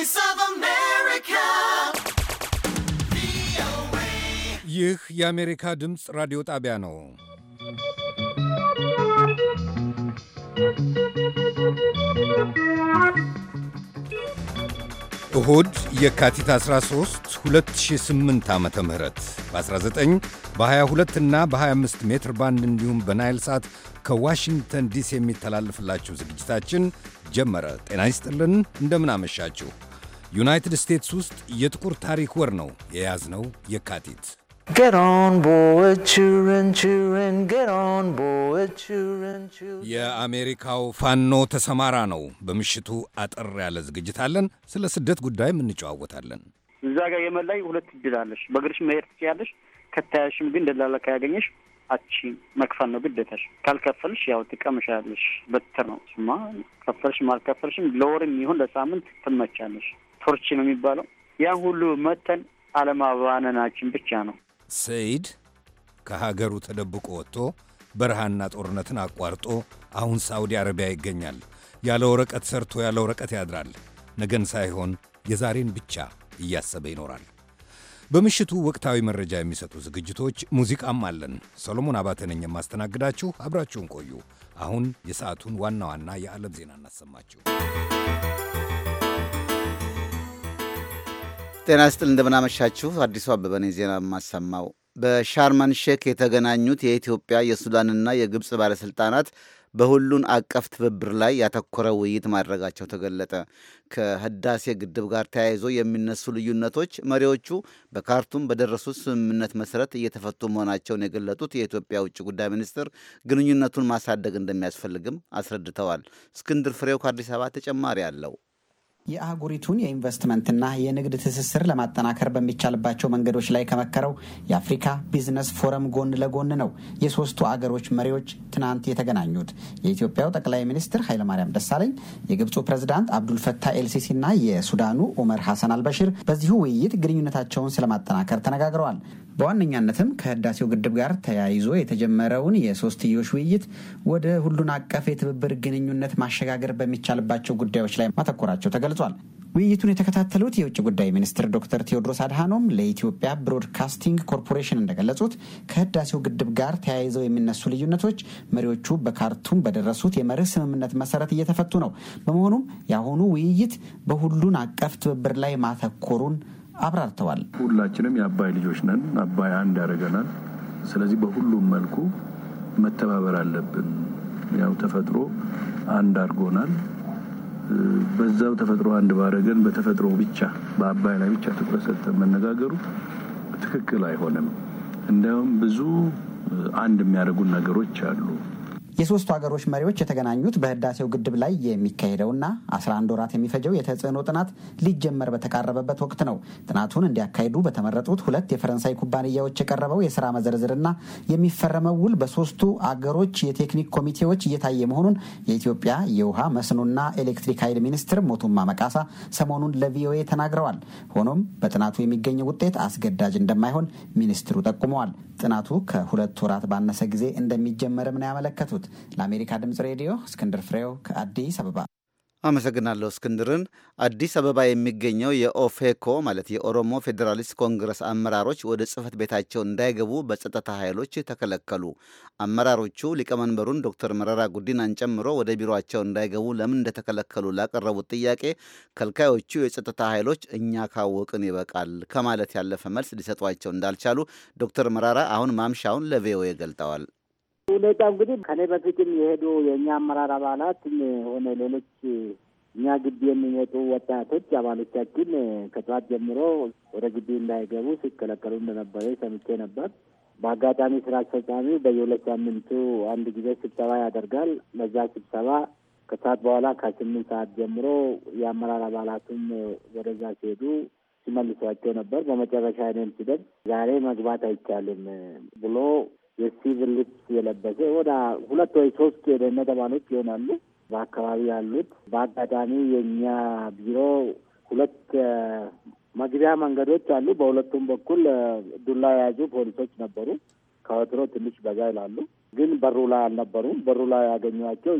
Voice of America. ይህ የአሜሪካ ድምፅ ራዲዮ ጣቢያ ነው። እሁድ የካቲት 13 2008 ዓ ም በ19 በ22 እና በ25 ሜትር ባንድ እንዲሁም በናይል ሳት ከዋሽንግተን ዲሲ የሚተላለፍላችሁ ዝግጅታችን ጀመረ። ጤና ይስጥልን፣ እንደምን አመሻችሁ። ዩናይትድ ስቴትስ ውስጥ የጥቁር ታሪክ ወር ነው የያዝነው የካቲት። የአሜሪካው ፋኖ ተሰማራ ነው። በምሽቱ አጠር ያለ ዝግጅት አለን። ስለ ስደት ጉዳይም እንጨዋወታለን። እዛ ጋር የመን ላይ ሁለት እድል አለሽ። በእግርሽ መሄድ ትችያለሽ። ከታያሽም ግን ደላላ ያገኘሽ አቺ መክፈል ነው ግዴታሽ። ካልከፈልሽ ያው ትቀምሻለሽ። በትር ነው ስማ። ከፈልሽም አልከፈልሽም ለወርም ይሁን ለሳምንት ትመቻለሽ። ቶርች ነው የሚባለው። ያን ሁሉ መተን አለማባነናችን ብቻ ነው። ሰይድ ከሀገሩ ተደብቆ ወጥቶ በረሃና ጦርነትን አቋርጦ አሁን ሳውዲ አረቢያ ይገኛል። ያለ ወረቀት ሰርቶ ያለ ወረቀት ያድራል። ነገን ሳይሆን የዛሬን ብቻ እያሰበ ይኖራል። በምሽቱ ወቅታዊ መረጃ የሚሰጡ ዝግጅቶች፣ ሙዚቃም አለን። ሰሎሞን አባተ ነኝ የማስተናግዳችሁ። አብራችሁን ቆዩ። አሁን የሰዓቱን ዋና ዋና የዓለም ዜና እናሰማችሁ። ጤና ስጥል እንደምናመሻችሁ። አዲሱ አበበ ነኝ ዜና የማሰማው። በሻርማን ሼክ የተገናኙት የኢትዮጵያ የሱዳንና የግብፅ ባለሥልጣናት በሁሉን አቀፍ ትብብር ላይ ያተኮረ ውይይት ማድረጋቸው ተገለጠ። ከህዳሴ ግድብ ጋር ተያይዞ የሚነሱ ልዩነቶች መሪዎቹ በካርቱም በደረሱት ስምምነት መሰረት እየተፈቱ መሆናቸውን የገለጡት የኢትዮጵያ ውጭ ጉዳይ ሚኒስትር ግንኙነቱን ማሳደግ እንደሚያስፈልግም አስረድተዋል። እስክንድር ፍሬው ከአዲስ አበባ ተጨማሪ አለው። የአህጉሪቱን የኢንቨስትመንትና የንግድ ትስስር ለማጠናከር በሚቻልባቸው መንገዶች ላይ ከመከረው የአፍሪካ ቢዝነስ ፎረም ጎን ለጎን ነው የሶስቱ አገሮች መሪዎች ትናንት የተገናኙት። የኢትዮጵያው ጠቅላይ ሚኒስትር ኃይለማርያም ደሳለኝ፣ የግብፁ ፕሬዝዳንት አብዱልፈታህ እና የሱዳኑ ኡመር ሐሰን አልበሽር በዚሁ ውይይት ግንኙነታቸውን ስለማጠናከር ተነጋግረዋል። በዋነኛነትም ከህዳሴው ግድብ ጋር ተያይዞ የተጀመረውን የሶስትዮሽ ውይይት ወደ ሁሉን አቀፍ የትብብር ግንኙነት ማሸጋገር በሚቻልባቸው ጉዳዮች ላይ ማተኮራቸው ተገልጿል። ውይይቱን የተከታተሉት የውጭ ጉዳይ ሚኒስትር ዶክተር ቴዎድሮስ አድሃኖም ለኢትዮጵያ ብሮድካስቲንግ ኮርፖሬሽን እንደገለጹት ከህዳሴው ግድብ ጋር ተያይዘው የሚነሱ ልዩነቶች መሪዎቹ በካርቱም በደረሱት የመርህ ስምምነት መሰረት እየተፈቱ ነው። በመሆኑም የአሁኑ ውይይት በሁሉን አቀፍ ትብብር ላይ ማተኮሩን አብራርተዋል። ሁላችንም የአባይ ልጆች ነን። አባይ አንድ ያደርገናል። ስለዚህ በሁሉም መልኩ መተባበር አለብን። ያው ተፈጥሮ አንድ አድርጎናል። በዛው ተፈጥሮ አንድ ባደረገን በተፈጥሮ ብቻ በአባይ ላይ ብቻ ትኩረት ሰጥተን መነጋገሩ ትክክል አይሆንም። እንዲያውም ብዙ አንድ የሚያደርጉን ነገሮች አሉ። የሶስቱ ሀገሮች መሪዎች የተገናኙት በህዳሴው ግድብ ላይ የሚካሄደውና 11 ወራት የሚፈጀው የተጽዕኖ ጥናት ሊጀመር በተቃረበበት ወቅት ነው። ጥናቱን እንዲያካሂዱ በተመረጡት ሁለት የፈረንሳይ ኩባንያዎች የቀረበው የስራ መዘርዝርና የሚፈረመው ውል በሶስቱ አገሮች የቴክኒክ ኮሚቴዎች እየታየ መሆኑን የኢትዮጵያ የውሃ መስኖና ኤሌክትሪክ ኃይል ሚኒስትር ሞቱማ መቃሳ ሰሞኑን ለቪኦኤ ተናግረዋል። ሆኖም በጥናቱ የሚገኘው ውጤት አስገዳጅ እንደማይሆን ሚኒስትሩ ጠቁመዋል። ጥናቱ ከሁለት ወራት ባነሰ ጊዜ እንደሚጀመርም ነው ያመለከቱት። ለአሜሪካ ድምፅ ሬዲዮ እስክንድር ፍሬው ከአዲስ አበባ። አመሰግናለሁ እስክንድርን። አዲስ አበባ የሚገኘው የኦፌኮ ማለት የኦሮሞ ፌዴራሊስት ኮንግረስ አመራሮች ወደ ጽህፈት ቤታቸው እንዳይገቡ በጸጥታ ኃይሎች ተከለከሉ። አመራሮቹ ሊቀመንበሩን ዶክተር መረራ ጉዲናን ጨምሮ ወደ ቢሮቸው እንዳይገቡ ለምን እንደተከለከሉ ላቀረቡት ጥያቄ ከልካዮቹ የጸጥታ ኃይሎች እኛ ካወቅን ይበቃል ከማለት ያለፈ መልስ ሊሰጧቸው እንዳልቻሉ ዶክተር መረራ አሁን ማምሻውን ለቪኦኤ ገልጠዋል። ሁኔታ እንግዲህ ከኔ በፊትም የሄዱ የእኛ አመራር አባላት ሆነ ሌሎች እኛ ግቢ የሚመጡ ወጣቶች አባሎቻችን ከጠዋት ጀምሮ ወደ ግቢ እንዳይገቡ ሲከለከሉ እንደነበረ ሰምቼ ነበር። በአጋጣሚ ስራ አስፈጻሚ በየሁለት ሳምንቱ አንድ ጊዜ ስብሰባ ያደርጋል። በዛ ስብሰባ ከሰዓት በኋላ ከስምንት ሰዓት ጀምሮ የአመራር አባላቱም ወደዛ ሲሄዱ ሲመልሷቸው ነበር። በመጨረሻ እኔም ስደርስ ዛሬ መግባት አይቻልም ብሎ የሲቪል ልብስ የለበሰ ወደ ሁለት ወይ ሶስት የደህንነት አባሎች ይሆናሉ በአካባቢ ያሉት። በአጋጣሚ የእኛ ቢሮ ሁለት መግቢያ መንገዶች አሉ። በሁለቱም በኩል ዱላ የያዙ ፖሊሶች ነበሩ። ከወትሮ ትንሽ በዛ ይላሉ፣ ግን በሩ ላይ አልነበሩም። በሩ ላይ ያገኟቸው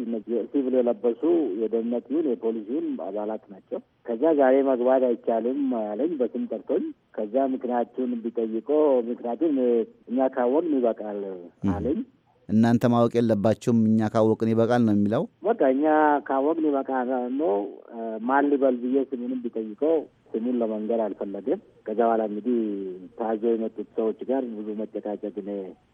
ሲቪል የለበሱ የደህንነት ይሁን የፖሊስ አባላት ናቸው። ከዛ ዛሬ መግባት አይቻልም ያለኝ በስም ጠርቶኝ ከዛ ምክንያቱን ቢጠይቆ ምክንያቱን እኛ ካወን ይበቃል አለኝ። እናንተ ማወቅ የለባችሁም እኛ ካወቅን ይበቃል ነው የሚለው። በቃ እኛ ካወቅን ይበቃል ነው ማን ሊበል ብዬ ስሙንም ቢጠይቀው ስሙን ለመንገር አልፈለግም። ከዛ በኋላ እንግዲህ ታዘው የመጡት ሰዎች ጋር ብዙ መጨቃጨቅ እኔ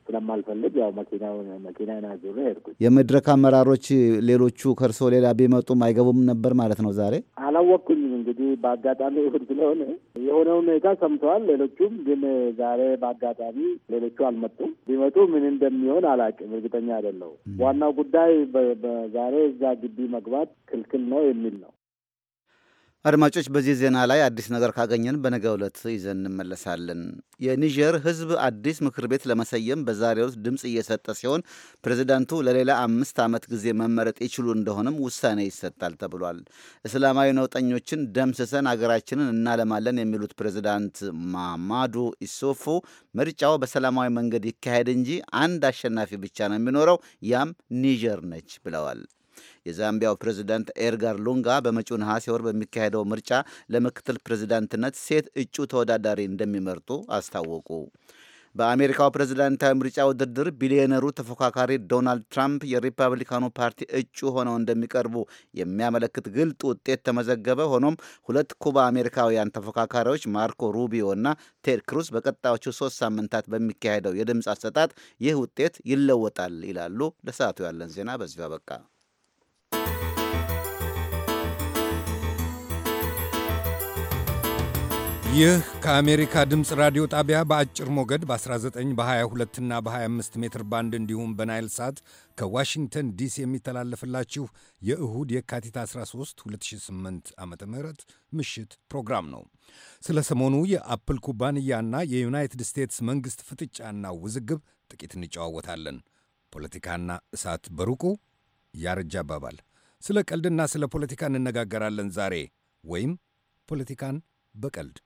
ስለማልፈልግ ያው መኪናውን መኪናን አዙሬ ሄድኩኝ። የመድረክ አመራሮች ሌሎቹ ከእርሶ ሌላ ቢመጡም አይገቡም ነበር ማለት ነው? ዛሬ አላወቅኩኝም። እንግዲህ በአጋጣሚ እሑድ ስለሆነ የሆነ ሁኔታ ሰምተዋል። ሌሎቹም ግን ዛሬ በአጋጣሚ ሌሎቹ አልመጡም። ቢመጡ ምን እንደሚሆን አላውቅም፣ እርግጠኛ አይደለሁም። ዋናው ጉዳይ ዛሬ እዛ ግቢ መግባት ክልክል ነው የሚል ነው። አድማጮች በዚህ ዜና ላይ አዲስ ነገር ካገኘን በነገ ዕለት ይዘን እንመለሳለን። የኒጀር ሕዝብ አዲስ ምክር ቤት ለመሰየም በዛሬው ድምፅ እየሰጠ ሲሆን ፕሬዚዳንቱ ለሌላ አምስት ዓመት ጊዜ መመረጥ ይችሉ እንደሆነም ውሳኔ ይሰጣል ተብሏል። እስላማዊ ነውጠኞችን ደምስሰን አገራችንን እናለማለን የሚሉት ፕሬዚዳንት ማማዱ ኢሶፎ ምርጫው በሰላማዊ መንገድ ይካሄድ እንጂ አንድ አሸናፊ ብቻ ነው የሚኖረው፣ ያም ኒጀር ነች ብለዋል። የዛምቢያው ፕሬዝዳንት ኤድጋር ሉንጋ በመጪው ነሐሴ ወር በሚካሄደው ምርጫ ለምክትል ፕሬዝዳንትነት ሴት እጩ ተወዳዳሪ እንደሚመርጡ አስታወቁ። በአሜሪካው ፕሬዝዳንታዊ ምርጫ ውድድር ቢሊዮነሩ ተፎካካሪ ዶናልድ ትራምፕ የሪፐብሊካኑ ፓርቲ እጩ ሆነው እንደሚቀርቡ የሚያመለክት ግልጥ ውጤት ተመዘገበ። ሆኖም ሁለት ኩባ አሜሪካውያን ተፎካካሪዎች ማርኮ ሩቢዮ እና ቴድ ክሩስ በቀጣዮቹ ሶስት ሳምንታት በሚካሄደው የድምፅ አሰጣጥ ይህ ውጤት ይለወጣል ይላሉ። ለሰዓቱ ያለን ዜና በዚሁ አበቃ። ይህ ከአሜሪካ ድምፅ ራዲዮ ጣቢያ በአጭር ሞገድ በ19 በ22 እና በ25 ሜትር ባንድ እንዲሁም በናይል ሳት ከዋሽንግተን ዲሲ የሚተላለፍላችሁ የእሁድ የካቲት 13 2008 ዓ ም ምሽት ፕሮግራም ነው። ስለ ሰሞኑ የአፕል ኩባንያና የዩናይትድ ስቴትስ መንግሥት ፍጥጫና ውዝግብ ጥቂት እንጨዋወታለን። ፖለቲካና እሳት በሩቁ ያረጃ አባባል። ስለ ቀልድና ስለ ፖለቲካ እንነጋገራለን ዛሬ ወይም ፖለቲካን በቀልድ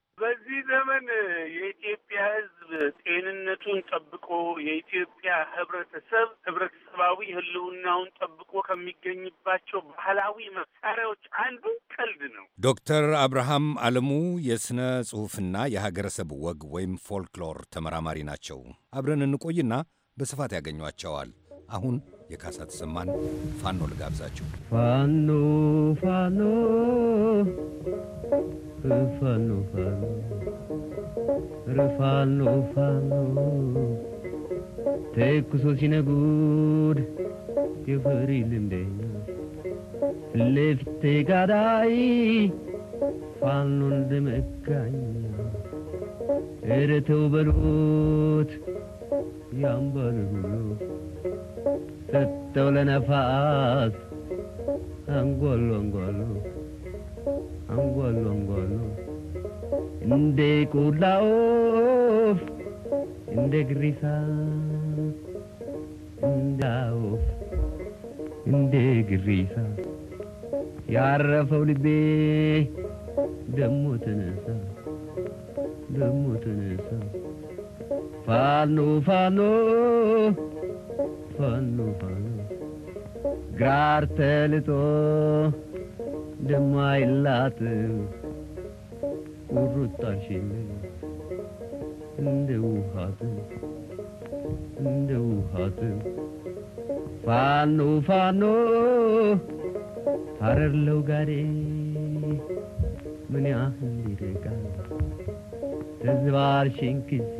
የኢትዮጵያ ሕዝብ ጤንነቱን ጠብቆ የኢትዮጵያ ህብረተሰብ ህብረተሰባዊ ህልውናውን ጠብቆ ከሚገኝባቸው ባህላዊ መሳሪያዎች አንዱ ቀልድ ነው። ዶክተር አብርሃም አለሙ የሥነ ጽሑፍና የሀገረሰብ ወግ ወይም ፎልክሎር ተመራማሪ ናቸው። አብረን እንቆይና በስፋት ያገኟቸዋል። አሁን የካሳ ተሰማን ፋኖ ልጋብዛችሁ። ፋኖ ፋኖ ፋኖ ፋኖ ረፋኖ ፋኖ ተኩሶ ሲነጉድ ግብር ልንደኛ ፊትለፊቴ ጋዳይ ፋኖ እንደመጋኛ ኧረ ተው በሉት ያምባል ሁሉ ሰጠው ለነፋስ አንጓሉ አንጓሉ አንጓሉ አንጓሉ እንደ ቆላ ወፍ እንደ ግሪሳ እንደ እንደ ግሪሳ ያረፈው ልቤ ደሞ ተነሳ ደሞ ተነሳ ፋኖ ፋኖ ፋኖ ፋኖ ግራር ተልጦ ደሞ አይላትም እንደ ውሃት እንደ ውሃት ፋኖ ፋኖ ሀረር ለውጋዴ ምን ያህል ይርቃል ተዝባርሽን ጊዜ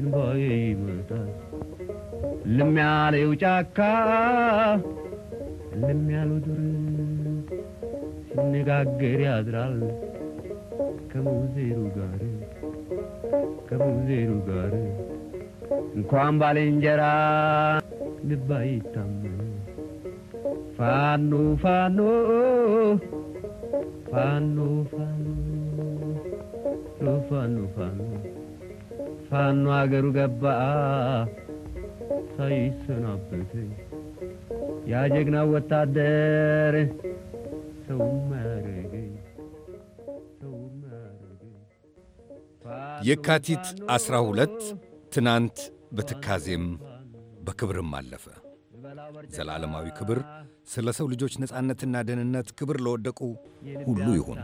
እንባዬ ይመጣል ልም ያለው ጫካ ልም ያለው ዱር ስንጋግር ያድራል ከሙዜሩ ጋር ከሙዜሩ ጋር እንኳን ባልንጀራ ልብ አይታመን ፋኖ ፋኖ ፋኖ ፋኖ ፋኖ ፋኖ ፋኖ አገሩ ገባ ሳይሰናበት ያ ጀግና ወታደር የካቲት ሁለት ትናንት በትካዜም በክብርም አለፈ። ዘላለማዊ ክብር ስለ ሰው ልጆች ነጻነትና ደህንነት ክብር ለወደቁ ሁሉ ይሁን።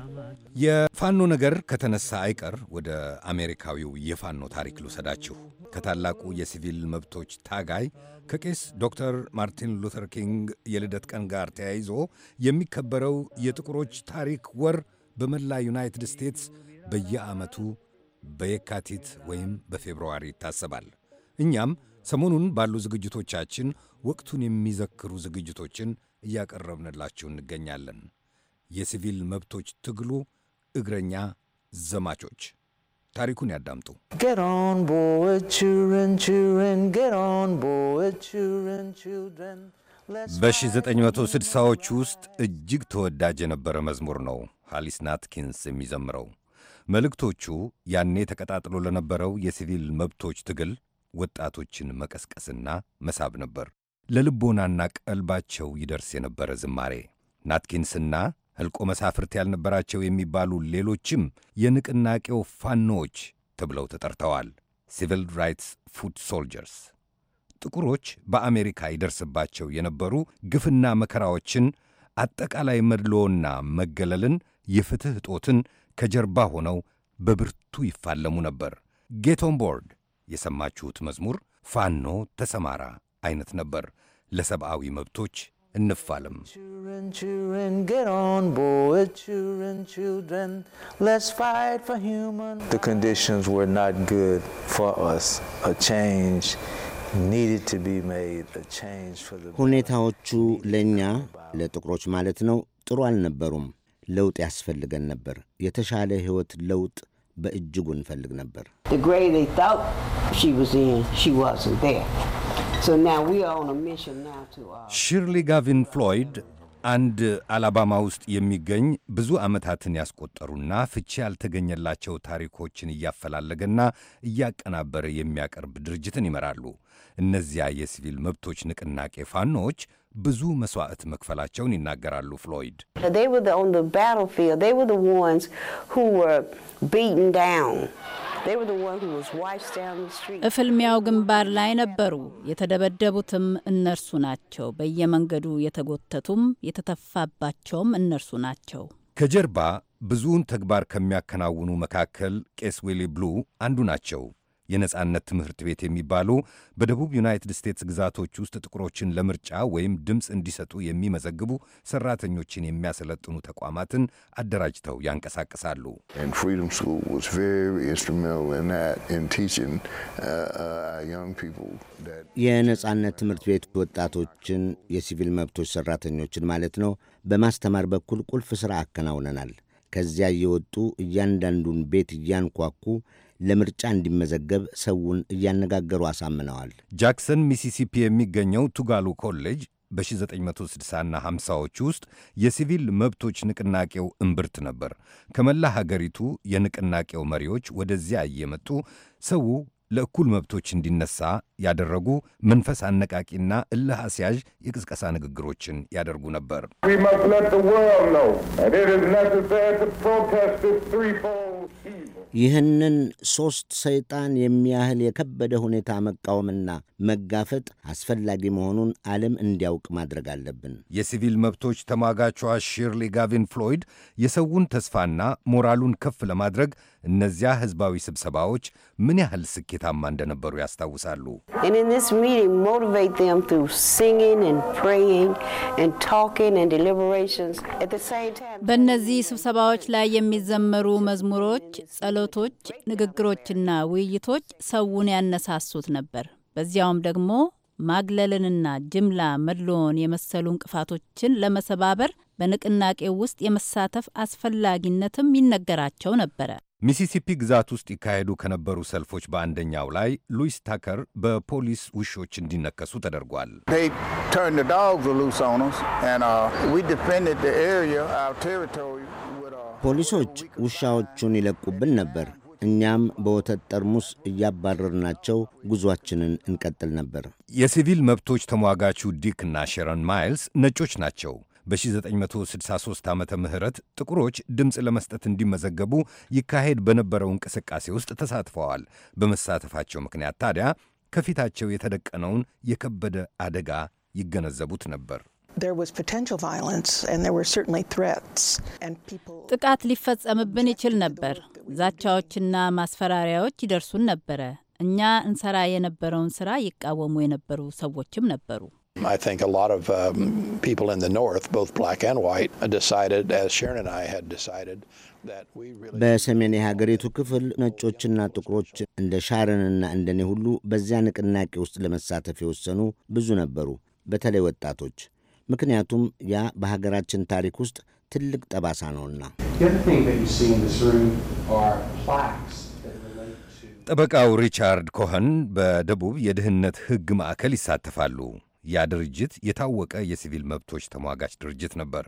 የፋኖ ነገር ከተነሳ አይቀር ወደ አሜሪካዊው የፋኖ ታሪክ ልውሰዳችሁ። ከታላቁ የሲቪል መብቶች ታጋይ ከቄስ ዶክተር ማርቲን ሉተር ኪንግ የልደት ቀን ጋር ተያይዞ የሚከበረው የጥቁሮች ታሪክ ወር በመላ ዩናይትድ ስቴትስ በየዓመቱ በየካቲት ወይም በፌብርዋሪ ይታሰባል። እኛም ሰሞኑን ባሉ ዝግጅቶቻችን ወቅቱን የሚዘክሩ ዝግጅቶችን እያቀረብንላችሁ እንገኛለን። የሲቪል መብቶች ትግሉ እግረኛ ዘማቾች ታሪኩን ያዳምጡ። በ1960ዎቹ ውስጥ እጅግ ተወዳጅ የነበረ መዝሙር ነው ሃሊስ ናትኪንስ የሚዘምረው። መልእክቶቹ ያኔ ተቀጣጥሎ ለነበረው የሲቪል መብቶች ትግል ወጣቶችን መቀስቀስና መሳብ ነበር። ለልቦናና ቀልባቸው ይደርስ የነበረ ዝማሬ ናትኪንስና ህልቆ መሳፍርት ያልነበራቸው የሚባሉ ሌሎችም የንቅናቄው ፋኖዎች ተብለው ተጠርተዋል። ሲቪል ራይትስ ፉድ ሶልጀርስ ጥቁሮች በአሜሪካ ይደርስባቸው የነበሩ ግፍና መከራዎችን፣ አጠቃላይ መድሎና መገለልን፣ የፍትሕ እጦትን ከጀርባ ሆነው በብርቱ ይፋለሙ ነበር። ጌት ቦርድ የሰማችሁት መዝሙር ፋኖ ተሰማራ አይነት ነበር። ለሰብአዊ መብቶች እንፋለም። ሁኔታዎቹ ለእኛ ለጥቁሮች ማለት ነው ጥሩ አልነበሩም። ለውጥ ያስፈልገን ነበር። የተሻለ ሕይወት ለውጥ በእጅጉ እንፈልግ ነበር። ሺርሊ ጋቪን ፍሎይድ አንድ አላባማ ውስጥ የሚገኝ ብዙ ዓመታትን ያስቆጠሩና ፍቺ ያልተገኘላቸው ታሪኮችን እያፈላለገና እያቀናበረ የሚያቀርብ ድርጅትን ይመራሉ። እነዚያ የሲቪል መብቶች ንቅናቄ ፋኖዎች ብዙ መስዋዕት መክፈላቸውን ይናገራሉ። ፍሎይድ እፍልሚያው ግንባር ላይ ነበሩ። የተደበደቡትም እነርሱ ናቸው። በየመንገዱ የተጎተቱም የተተፋባቸውም እነርሱ ናቸው። ከጀርባ ብዙውን ተግባር ከሚያከናውኑ መካከል ቄስ ዊሊ ብሉ አንዱ ናቸው። የነጻነት ትምህርት ቤት የሚባሉ በደቡብ ዩናይትድ ስቴትስ ግዛቶች ውስጥ ጥቁሮችን ለምርጫ ወይም ድምፅ እንዲሰጡ የሚመዘግቡ ሰራተኞችን የሚያሰለጥኑ ተቋማትን አደራጅተው ያንቀሳቅሳሉ። uh, uh, የነጻነት ትምህርት ቤት ወጣቶችን፣ የሲቪል መብቶች ሰራተኞችን ማለት ነው፣ በማስተማር በኩል ቁልፍ ሥራ አከናውነናል። ከዚያ እየወጡ እያንዳንዱን ቤት እያንኳኩ ለምርጫ እንዲመዘገብ ሰውን እያነጋገሩ አሳምነዋል። ጃክሰን ሚሲሲፒ የሚገኘው ቱጋሉ ኮሌጅ በ1960ና 50ዎች ውስጥ የሲቪል መብቶች ንቅናቄው እምብርት ነበር። ከመላ ሀገሪቱ የንቅናቄው መሪዎች ወደዚያ እየመጡ ሰው ለእኩል መብቶች እንዲነሳ ያደረጉ መንፈስ አነቃቂና እልህ አስያዥ የቅስቀሳ ንግግሮችን ያደርጉ ነበር። ይህንን ሦስት ሰይጣን የሚያህል የከበደ ሁኔታ መቃወምና መጋፈጥ አስፈላጊ መሆኑን ዓለም እንዲያውቅ ማድረግ አለብን። የሲቪል መብቶች ተሟጋቿ ሺርሊ ጋቪን ፍሎይድ የሰውን ተስፋና ሞራሉን ከፍ ለማድረግ እነዚያ ሕዝባዊ ስብሰባዎች ምን ያህል ስኬታማ እንደነበሩ ያስታውሳሉ። በእነዚህ ስብሰባዎች ላይ የሚዘመሩ መዝሙሮች ንግግሮች፣ ጸሎቶች፣ ንግግሮችና ውይይቶች ሰውን ያነሳሱት ነበር። በዚያውም ደግሞ ማግለልንና ጅምላ መድሎን የመሰሉ እንቅፋቶችን ለመሰባበር በንቅናቄው ውስጥ የመሳተፍ አስፈላጊነትም ይነገራቸው ነበረ። ሚሲሲፒ ግዛት ውስጥ ይካሄዱ ከነበሩ ሰልፎች በአንደኛው ላይ ሉዊስ ታከር በፖሊስ ውሾች እንዲነከሱ ተደርጓል። ፖሊሶች ውሻዎቹን ይለቁብን ነበር። እኛም በወተት ጠርሙስ እያባረርናቸው ጉዟችንን እንቀጥል ነበር። የሲቪል መብቶች ተሟጋቹ ዲክ እና ሼረን ማይልስ ነጮች ናቸው። በ1963 ዓመተ ምህረት ጥቁሮች ድምፅ ለመስጠት እንዲመዘገቡ ይካሄድ በነበረው እንቅስቃሴ ውስጥ ተሳትፈዋል። በመሳተፋቸው ምክንያት ታዲያ ከፊታቸው የተደቀነውን የከበደ አደጋ ይገነዘቡት ነበር። ጥቃት ሊፈጸምብን ይችል ነበር። ዛቻዎችና ማስፈራሪያዎች ይደርሱን ነበረ። እኛ እንሰራ የነበረውን ስራ ይቃወሙ የነበሩ ሰዎችም ነበሩ። በሰሜን የሀገሪቱ ክፍል ነጮችና ጥቁሮች እንደ ሻረንና እንደኔ ሁሉ በዚያ ንቅናቄ ውስጥ ለመሳተፍ የወሰኑ ብዙ ነበሩ፣ በተለይ ወጣቶች። ምክንያቱም ያ በሀገራችን ታሪክ ውስጥ ትልቅ ጠባሳ ነውና። ጠበቃው ሪቻርድ ኮኸን በደቡብ የድህነት ሕግ ማዕከል ይሳተፋሉ። ያ ድርጅት የታወቀ የሲቪል መብቶች ተሟጋች ድርጅት ነበር።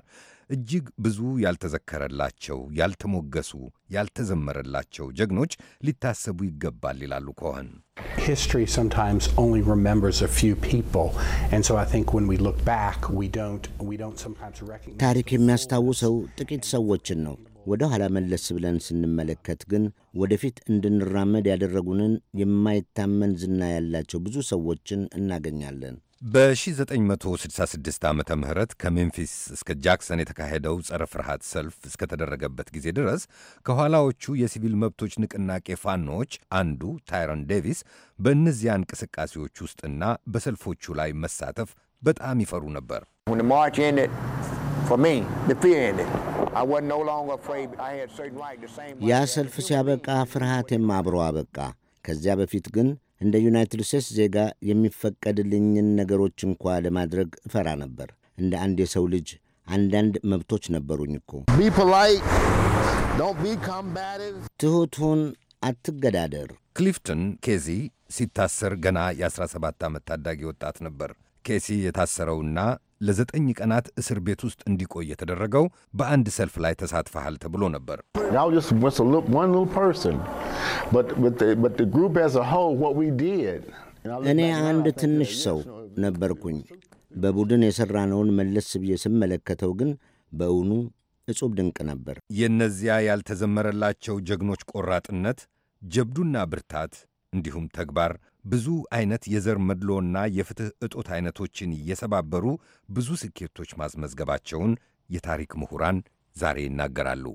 እጅግ ብዙ ያልተዘከረላቸው፣ ያልተሞገሱ፣ ያልተዘመረላቸው ጀግኖች ሊታሰቡ ይገባል ይላሉ ኮኸን። ታሪክ የሚያስታውሰው ጥቂት ሰዎችን ነው። ወደ ኋላ መለስ ብለን ስንመለከት ግን ወደፊት እንድንራመድ ያደረጉንን የማይታመን ዝና ያላቸው ብዙ ሰዎችን እናገኛለን። በ1966 ዓ ም ከሜምፊስ እስከ ጃክሰን የተካሄደው ጸረ ፍርሃት ሰልፍ እስከተደረገበት ጊዜ ድረስ ከኋላዎቹ የሲቪል መብቶች ንቅናቄ ፋኖዎች አንዱ ታይረን ዴቪስ በእነዚያ እንቅስቃሴዎች ውስጥና በሰልፎቹ ላይ መሳተፍ በጣም ይፈሩ ነበር። ያ ሰልፍ ሲያበቃ ፍርሃቴም አብሮ አበቃ። ከዚያ በፊት ግን እንደ ዩናይትድ ስቴትስ ዜጋ የሚፈቀድልኝን ነገሮች እንኳ ለማድረግ እፈራ ነበር። እንደ አንድ የሰው ልጅ አንዳንድ መብቶች ነበሩኝ እኮ። ትሑቱን አትገዳደር። ክሊፍተን ኬዚ ሲታሰር ገና የ17 ዓመት ታዳጊ ወጣት ነበር። ኬሲ የታሰረውና ለዘጠኝ ቀናት እስር ቤት ውስጥ እንዲቆይ የተደረገው በአንድ ሰልፍ ላይ ተሳትፈሃል ተብሎ ነበር። እኔ አንድ ትንሽ ሰው ነበርኩኝ። በቡድን የሠራነውን መለስ ብዬ ስመለከተው ግን በእውኑ እጹብ ድንቅ ነበር። የእነዚያ ያልተዘመረላቸው ጀግኖች ቆራጥነት፣ ጀብዱና ብርታት እንዲሁም ተግባር ብዙ አይነት የዘር መድሎና የፍትህ እጦት አይነቶችን እየሰባበሩ ብዙ ስኬቶች ማስመዝገባቸውን የታሪክ ምሁራን ዛሬ ይናገራሉ።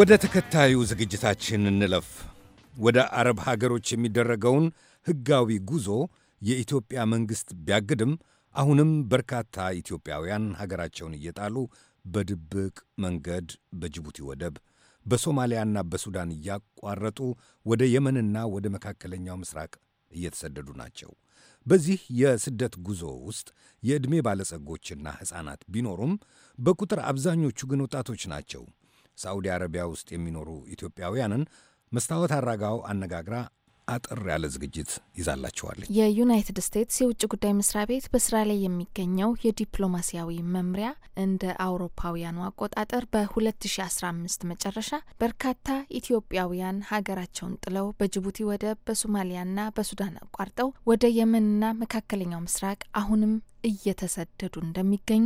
ወደ ተከታዩ ዝግጅታችን እንለፍ። ወደ አረብ ሀገሮች የሚደረገውን ሕጋዊ ጉዞ የኢትዮጵያ መንግሥት ቢያግድም አሁንም በርካታ ኢትዮጵያውያን ሀገራቸውን እየጣሉ በድብቅ መንገድ በጅቡቲ ወደብ በሶማሊያና በሱዳን እያቋረጡ ወደ የመንና ወደ መካከለኛው ምስራቅ እየተሰደዱ ናቸው። በዚህ የስደት ጉዞ ውስጥ የዕድሜ ባለጸጎችና ሕፃናት ቢኖሩም በቁጥር አብዛኞቹ ግን ወጣቶች ናቸው። ሳዑዲ አረቢያ ውስጥ የሚኖሩ ኢትዮጵያውያንን መስታወት አራጋው አነጋግራ አጠር ያለ ዝግጅት ይዛላችኋለች። የዩናይትድ ስቴትስ የውጭ ጉዳይ መስሪያ ቤት በስራ ላይ የሚገኘው የዲፕሎማሲያዊ መምሪያ እንደ አውሮፓውያኑ አቆጣጠር በ2015 መጨረሻ በርካታ ኢትዮጵያውያን ሀገራቸውን ጥለው በጅቡቲ ወደብ በሶማሊያና በሱዳን አቋርጠው ወደ የመንና መካከለኛው ምስራቅ አሁንም እየተሰደዱ እንደሚገኙ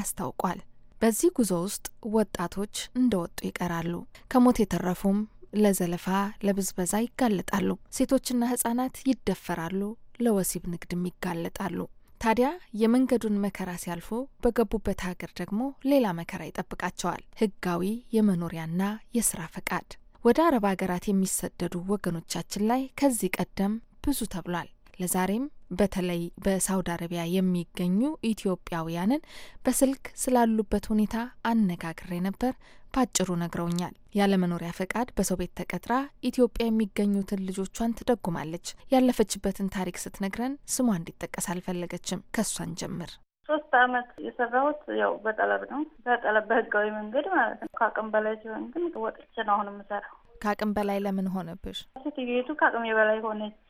አስታውቋል። በዚህ ጉዞ ውስጥ ወጣቶች እንደወጡ ይቀራሉ። ከሞት የተረፉም ለዘለፋ፣ ለብዝበዛ ይጋለጣሉ። ሴቶችና ህጻናት ይደፈራሉ፣ ለወሲብ ንግድም ይጋለጣሉ። ታዲያ የመንገዱን መከራ ሲያልፉ በገቡበት ሀገር ደግሞ ሌላ መከራ ይጠብቃቸዋል። ህጋዊ የመኖሪያና የስራ ፈቃድ ወደ አረብ ሀገራት የሚሰደዱ ወገኖቻችን ላይ ከዚህ ቀደም ብዙ ተብሏል። ለዛሬም በተለይ በሳውዲ አረቢያ የሚገኙ ኢትዮጵያውያንን በስልክ ስላሉበት ሁኔታ አነጋግሬ ነበር። በአጭሩ ነግረውኛል። ያለመኖሪያ ፈቃድ በሰው ቤት ተቀጥራ ኢትዮጵያ የሚገኙትን ልጆቿን ትደጉማለች። ያለፈችበትን ታሪክ ስትነግረን ስሟ እንዲጠቀስ አልፈለገችም። ከእሷን ጀምር። ሶስት አመት የሰራሁት ያው በጠለብ ነው። በጠለብ በህጋዊ መንገድ ማለት ነው። ከአቅም በላይ ሲሆን ግን ወጥቼ ነው አሁን የምሰራው። ከአቅም በላይ ለምን ሆነብሽ? ሴትዮቱ ከአቅሜ በላይ ሆነች።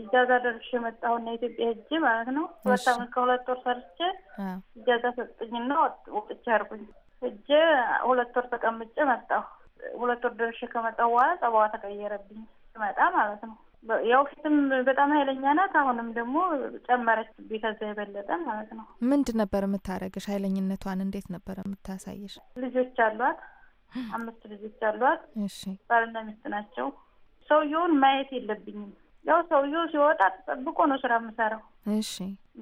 እጃዛ ደርሼ የመጣሁና ኢትዮጵያ ሄጄ ማለት ነው። ሁለት አመት ከሁለት ወር ሰርቼ እጃዛ ሰጥኝና ወጥቼ አርጉኝ እጀ ሁለት ወር ተቀምጬ መጣሁ። ሁለት ወር ደርሼ ከመጣሁ በኋላ ጸባዋ ተቀየረብኝ። ስመጣ ማለት ነው። ያው ፊትም በጣም ኃይለኛ ናት፣ አሁንም ደግሞ ጨመረች። ቤተዛ የበለጠ ማለት ነው። ምንድን ነበር የምታረግሽ? ኃይለኝነቷን እንዴት ነበር የምታሳይሽ? ልጆች አሏት፣ አምስት ልጆች አሏት። እሺ፣ ባልና ሚስት ናቸው። ሰውየውን ማየት የለብኝም። ያው ሰውየው ሲወጣ ተጠብቆ ነው ስራ የምሰራው። እሺ፣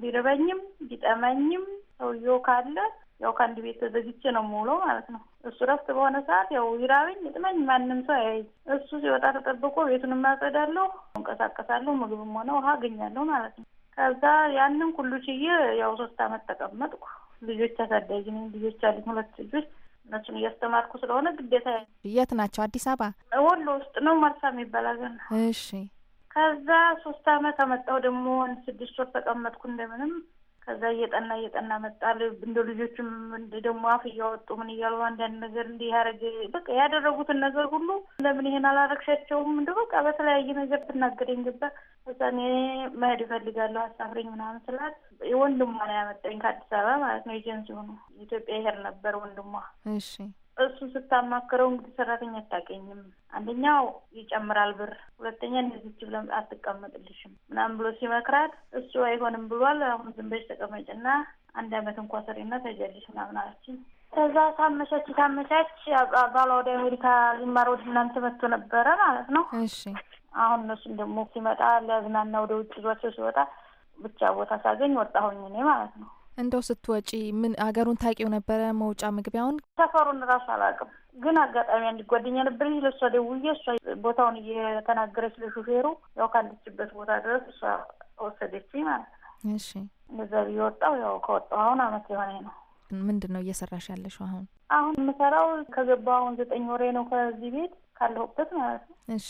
ቢርበኝም ቢጠመኝም ሰውየው ካለ ያው ከአንድ ቤት ተዘግቼ ነው ሙሎ ማለት ነው። እሱ ረፍት በሆነ ሰዓት ያው ይራበኝ ይጥመኝ ማንም ሰው አያይ። እሱ ሲወጣ ተጠብቆ ቤቱን ማጸዳለሁ፣ እንቀሳቀሳለሁ፣ ምግብም ሆነ ውሃ አገኛለሁ ማለት ነው። ከዛ ያንን ሁሉ ችዬ ያው ሶስት አመት ተቀመጥኩ። ልጆች አሳዳጊ ነኝ። ልጆች አሉኝ፣ ሁለት ልጆች እነሱን እያስተማርኩ ስለሆነ ግዴታ። የት ናቸው? አዲስ አበባ ወሎ ውስጥ ነው፣ መርሳ የሚባል ሀገር እሺ። ከዛ ሶስት አመት አመጣሁ ደግሞ ስድስት ወር ተቀመጥኩ እንደምንም ከዛ እየጠና እየጠና መጣል እንደ ልጆችም ደግሞ አፍ እያወጡ ምን እያሉ አንዳንድ ነገር እንዲህ ያደረገ በቃ ያደረጉትን ነገር ሁሉ ለምን ይሄን አላረግሻቸውም? እንደ በቃ በተለያየ ነገር ትናገደኝ ገባ። በዛ እኔ መሄድ እፈልጋለሁ አሳፍረኝ ምናምን ስላት ወንድሟ ነው ያመጣኝ ከአዲስ አበባ ማለት ነው። ኤጀንሲ ሆኖ ኢትዮጵያ ይሄር ነበር ወንድሟ። እሺ እሱ ስታማክረው እንግዲህ ሰራተኛ አታገኝም። አንደኛው ይጨምራል ብር፣ ሁለተኛ እንደዚች ብለን አትቀመጥልሽም ምናምን ብሎ ሲመክራት እሱ አይሆንም ብሏል። አሁን ዝም በሽ ተቀመጭና አንድ አመት እንኳ ሰሪና ተጀልሽ ምናምን አለችኝ። ከዛ ታመቻች ታመቻች ባሏ ወደ አሜሪካ ሊማር ወደ እናንተ መጥቶ ነበረ ማለት ነው። እሺ አሁን እነሱም ደግሞ ሲመጣ ለዝናና ወደ ውጭ ዟቸው ሲወጣ ብቻ ቦታ ሳገኝ ወጣሁኝ እኔ ማለት ነው። እንደው ስትወጪ ምን አገሩን ታውቂው ነበረ? መውጫ መግቢያውን ሰፈሩን እራሱ አላውቅም፣ ግን አጋጣሚ አንድ ጓደኛ ነበር ለእሷ ደውዬ እሷ ቦታውን እየተናገረች ለሹፌሩ ያው ካለችበት ቦታ ድረስ እሷ ወሰደች ማለት እሺ እዛ ቢወጣው ያው ከወጣው አሁን አመት የሆነ ነው። ምንድን ነው እየሰራሽ ያለሽው አሁን? አሁን የምሰራው ከገባሁ አሁን ዘጠኝ ወሬ ነው ከዚህ ቤት ካለሁበት ማለት ነው። እሺ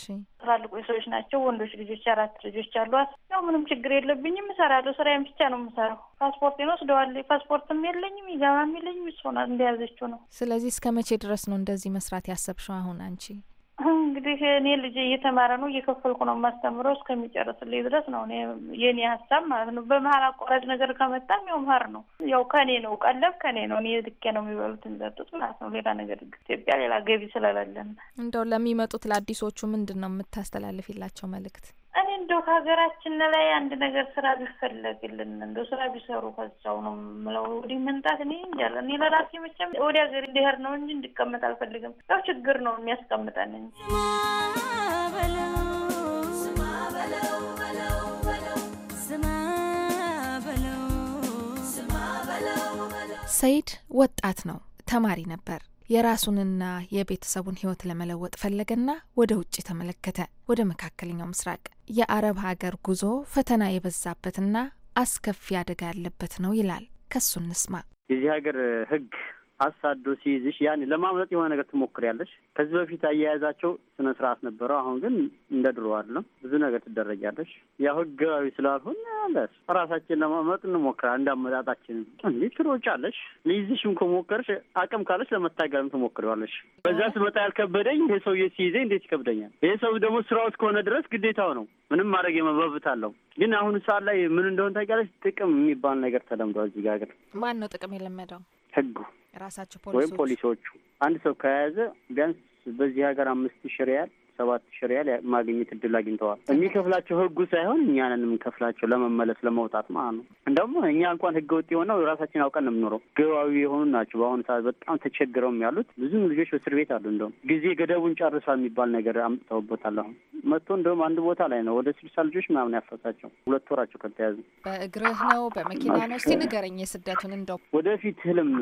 ሰዎች ናቸው። ወንዶች ልጆች አራት ልጆች አሏት። ያው ምንም ችግር የለብኝም። እሰራለሁ። ስራዬን ብቻ ነው የምሰራው። ፓስፖርቴን ወስደዋል። ፓስፖርትም የለኝም፣ ይገባም የለኝም። እሷ እንደያዘችው ነው። ስለዚህ እስከ መቼ ድረስ ነው እንደዚህ መስራት ያሰብሽው አሁን አንቺ? እንግዲህ እኔ ልጅ እየተማረ ነው፣ እየከፈልኩ ነው የማስተምረው እስከሚጨርስልኝ ድረስ ነው። እኔ የእኔ ሀሳብ ማለት ነው። በመሀል አቋራጭ ነገር ከመጣም ያው መሀር ነው፣ ያው ከኔ ነው፣ ቀለብ ከኔ ነው። እኔ ልኬ ነው የሚበሉት የሚጠጡት ማለት ነው። ሌላ ነገር ኢትዮጵያ ሌላ ገቢ ስለሌለን፣ እንደው ለሚመጡት ለአዲሶቹ ምንድን ነው የምታስተላልፊላቸው መልእክት? እኔ እንደው ከሀገራችን ላይ አንድ ነገር ስራ ቢፈለግልን እንደው ስራ ቢሰሩ ከዛው ነው የምለው። ወዲህ መምጣት እኔ እንጃለ እኔ ለራሴ መቼም ወዲህ ሀገር እንዲሄድ ነው እንጂ እንዲቀመጥ አልፈልግም። ያው ችግር ነው የሚያስቀምጠን እንጂ ሰይድ ወጣት ነው፣ ተማሪ ነበር። የራሱንና የቤተሰቡን ህይወት ለመለወጥ ፈለገና ወደ ውጭ ተመለከተ። ወደ መካከለኛው ምስራቅ የአረብ ሀገር ጉዞ ፈተና የበዛበትና አስከፊ አደጋ ያለበት ነው ይላል። ከሱ እንስማ። የዚህ ሀገር ህግ አሳዶ ሲይዝሽ ያን ለማምለጥ የሆነ ነገር ትሞክሪያለሽ። ከዚህ በፊት አያያዛቸው ስነ ስርዓት ነበረው። አሁን ግን እንደ ድሮ አይደለም። ብዙ ነገር ትደረጊያለሽ። ያው ህጋዊ ስላልሆን ያለ ራሳችን ለማምለጥ እንሞክራል። እንዳመጣጣችን እንዲህ ትሮጫለሽ። ሊይዝሽም ከሞከርሽ አቅም ካለሽ ለመታገልም ትሞክሪዋለሽ። በዛ ስመጣ ያልከበደኝ ይሄ ሰውዬ ሲይዘኝ እንዴት ይከብደኛል? ይሄ ሰው ደግሞ ስራው እስከሆነ ድረስ ግዴታው ነው። ምንም ማድረግ የመበብት አለው። ግን አሁን ሰዓት ላይ ምን እንደሆነ ታውቂያለሽ? ጥቅም የሚባል ነገር ተለምዷል እዚህ ጋር። ግን ማን ነው ጥቅም የለመደው? ህጉ ራሳቸው ወይም ፖሊሶቹ አንድ ሰው ከያዘ ቢያንስ በዚህ ሀገር አምስት ሺ ሪያል ሰባት ሺ ሪያል ማግኘት እድል አግኝተዋል። የሚከፍላቸው ህጉ ሳይሆን እኛንን የምንከፍላቸው ለመመለስ ለመውጣት ማለት ነው። እንደውም እኛ እንኳን ህገ ወጥ የሆነው ራሳችን አውቀን ነው የምኖረው። ገባዊ የሆኑ ናቸው። በአሁኑ ሰዓት በጣም ተቸግረውም ያሉት ብዙ ልጆች በእስር ቤት አሉ። እንደውም ጊዜ ገደቡን ጨርሷል የሚባል ነገር አምጥተውበታል። አሁን መጥቶ እንደውም አንድ ቦታ ላይ ነው ወደ ስልሳ ልጆች ምናምን ያፈሳቸው ሁለት ወራቸው ከተያዙ። በእግርህ ነው በመኪና ነው? እስኪ ንገረኝ የስደቱን እንደው ወደፊት ህልም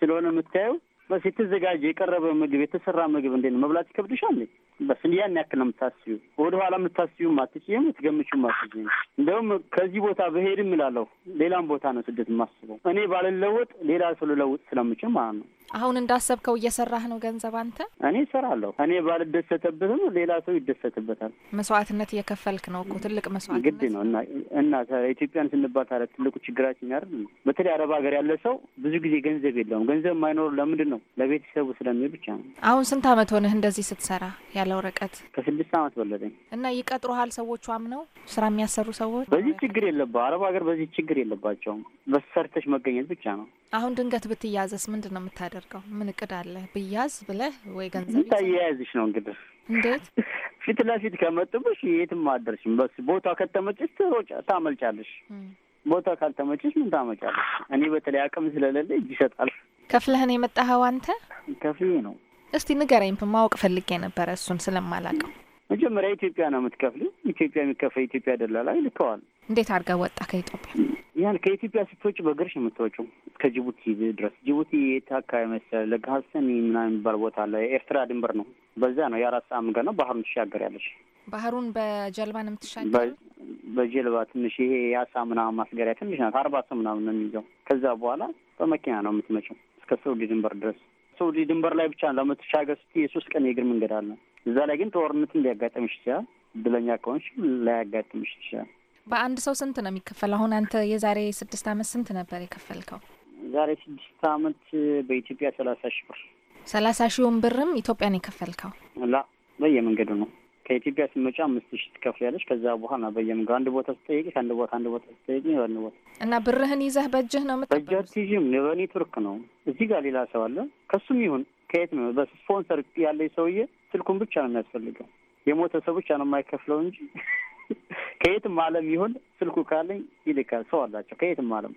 ስለሆነ የምታየው በስ የተዘጋጀ የቀረበ ምግብ የተሰራ ምግብ እንዴት ነው መብላት ይከብድሻል? በስ እንዲ ያን ያክል ነው የምታስዩ። ወደ ኋላ የምታስዩ ማትች ይህም የምትገምቺውም አትችይም። እንደውም ከዚህ ቦታ ብሄድም እላለሁ ሌላም ቦታ ነው ስደት የማስበው እኔ ባልለወጥ ሌላ ሰው ልለውጥ ስለምችል ማለት ነው። አሁን እንዳሰብከው እየሰራህ ነው ገንዘብ አንተ? እኔ እሰራለሁ። እኔ ባልደሰተበትም ሌላ ሰው ይደሰትበታል። መስዋዕትነት እየከፈልክ ነው እኮ ትልቅ መስዋዕት ግድ ነው እና እና ኢትዮጵያን ስንባት ታዲያ ትልቁ ችግራችን ያር በተለይ አረብ ሀገር ያለ ሰው ብዙ ጊዜ ገንዘብ የለውም። ገንዘብ የማይኖሩ ለምንድን ነው? ለቤተሰቡ ስለሚል ብቻ ነው። አሁን ስንት አመት ሆነህ እንደዚህ ስትሰራ ያለ ወረቀት? ከስድስት አመት በለጠኝ። እና ይቀጥሮሃል ሰዎቹ አምነው ስራ የሚያሰሩ ሰዎች በዚህ ችግር የለባ አረብ ሀገር በዚህ ችግር የለባቸውም። በሰርተሽ መገኘት ብቻ ነው። አሁን ድንገት ብትያዘስ ምንድን ነው የምታደ የምታደርገው? ምን እቅድ አለ? ብያዝ ብለህ ወይ ገንዘብ ነው እንግዲህ እንዴት ፊት ለፊት ከመጡብሽ የትም አደርሽም። በስ ቦታ ከተመችሽ ትሮጫ ታመልጫለሽ። ቦታ ካልተመችሽ ምን ታመጫለሽ? እኔ በተለይ አቅም ስለሌለ እጅ ይሰጣል። ከፍለህን የመጣኸው አንተ? ከፍዬ ነው። እስቲ ንገረኝ፣ ማወቅ ፈልጌ ነበረ እሱን ስለማላውቀው መጀመሪያ ኢትዮጵያ ነው የምትከፍል። ኢትዮጵያ የሚከፈል ኢትዮጵያ ደላላ ይልከዋል። እንዴት አድርጋ ወጣ ከኢትዮጵያ? ያን ከኢትዮጵያ ስትወጪ በእግርሽ የምትወጪው እስከ ጅቡቲ ድረስ። ጅቡቲ የት አካባቢ መሰለህ? ለጋሰን ምናምን የሚባል ቦታ አለ። የኤርትራ ድንበር ነው። በዛ ነው የአራት ሰዓት መንገድ ነው። ባህሩን ትሻገሪያለሽ። ባህሩን በጀልባ ነው የምትሻገር። በጀልባ ትንሽ ይሄ የአሳ ምናምን ማስገሪያ ትንሽ ናት። አርባ ሰው ምናምን ነው የሚይዘው። ከዛ በኋላ በመኪና ነው የምትመጪው እስከ ሰውዲ ድንበር ድረስ። ሰውዲ ድንበር ላይ ብቻ ለምትሻገር ስትይ የሶስት ቀን የእግር መንገድ አለ። እዛ ላይ ግን ጦርነትን ሊያጋጥምሽ ይችላል። እድለኛ ከሆንሽ ላያጋጥምሽ ይችላል። በአንድ ሰው ስንት ነው የሚከፈል? አሁን አንተ የዛሬ ስድስት አመት ስንት ነበር የከፈልከው? ዛሬ ስድስት አመት በኢትዮጵያ ሰላሳ ሺ ብር ሰላሳ ሺውን ብርም ኢትዮጵያን የከፈልከው ላ በየመንገዱ ነው። ከኢትዮጵያ ስመጪ አምስት ሺ ሺህ ያለች ከዛ በኋላ በየመንገዱ አንድ ቦታ ስጠየቂ ከአንድ ቦታ አንድ ቦታ ስጠየቂ አንድ ቦታ እና ብርህን ይዘህ በእጅህ ነው ምት በእጅ በኔትወርክ ነው። እዚህ ጋር ሌላ ሰው አለ። ከሱም ይሁን ከየት ነው በስፖንሰር ያለኝ ሰውዬ ስልኩን ብቻ ነው የሚያስፈልገው። የሞተ ሰው ብቻ ነው የማይከፍለው እንጂ ከየትም ዓለም ይሁን ስልኩ ካለኝ ይልካል። ሰው አላቸው ከየትም ዓለም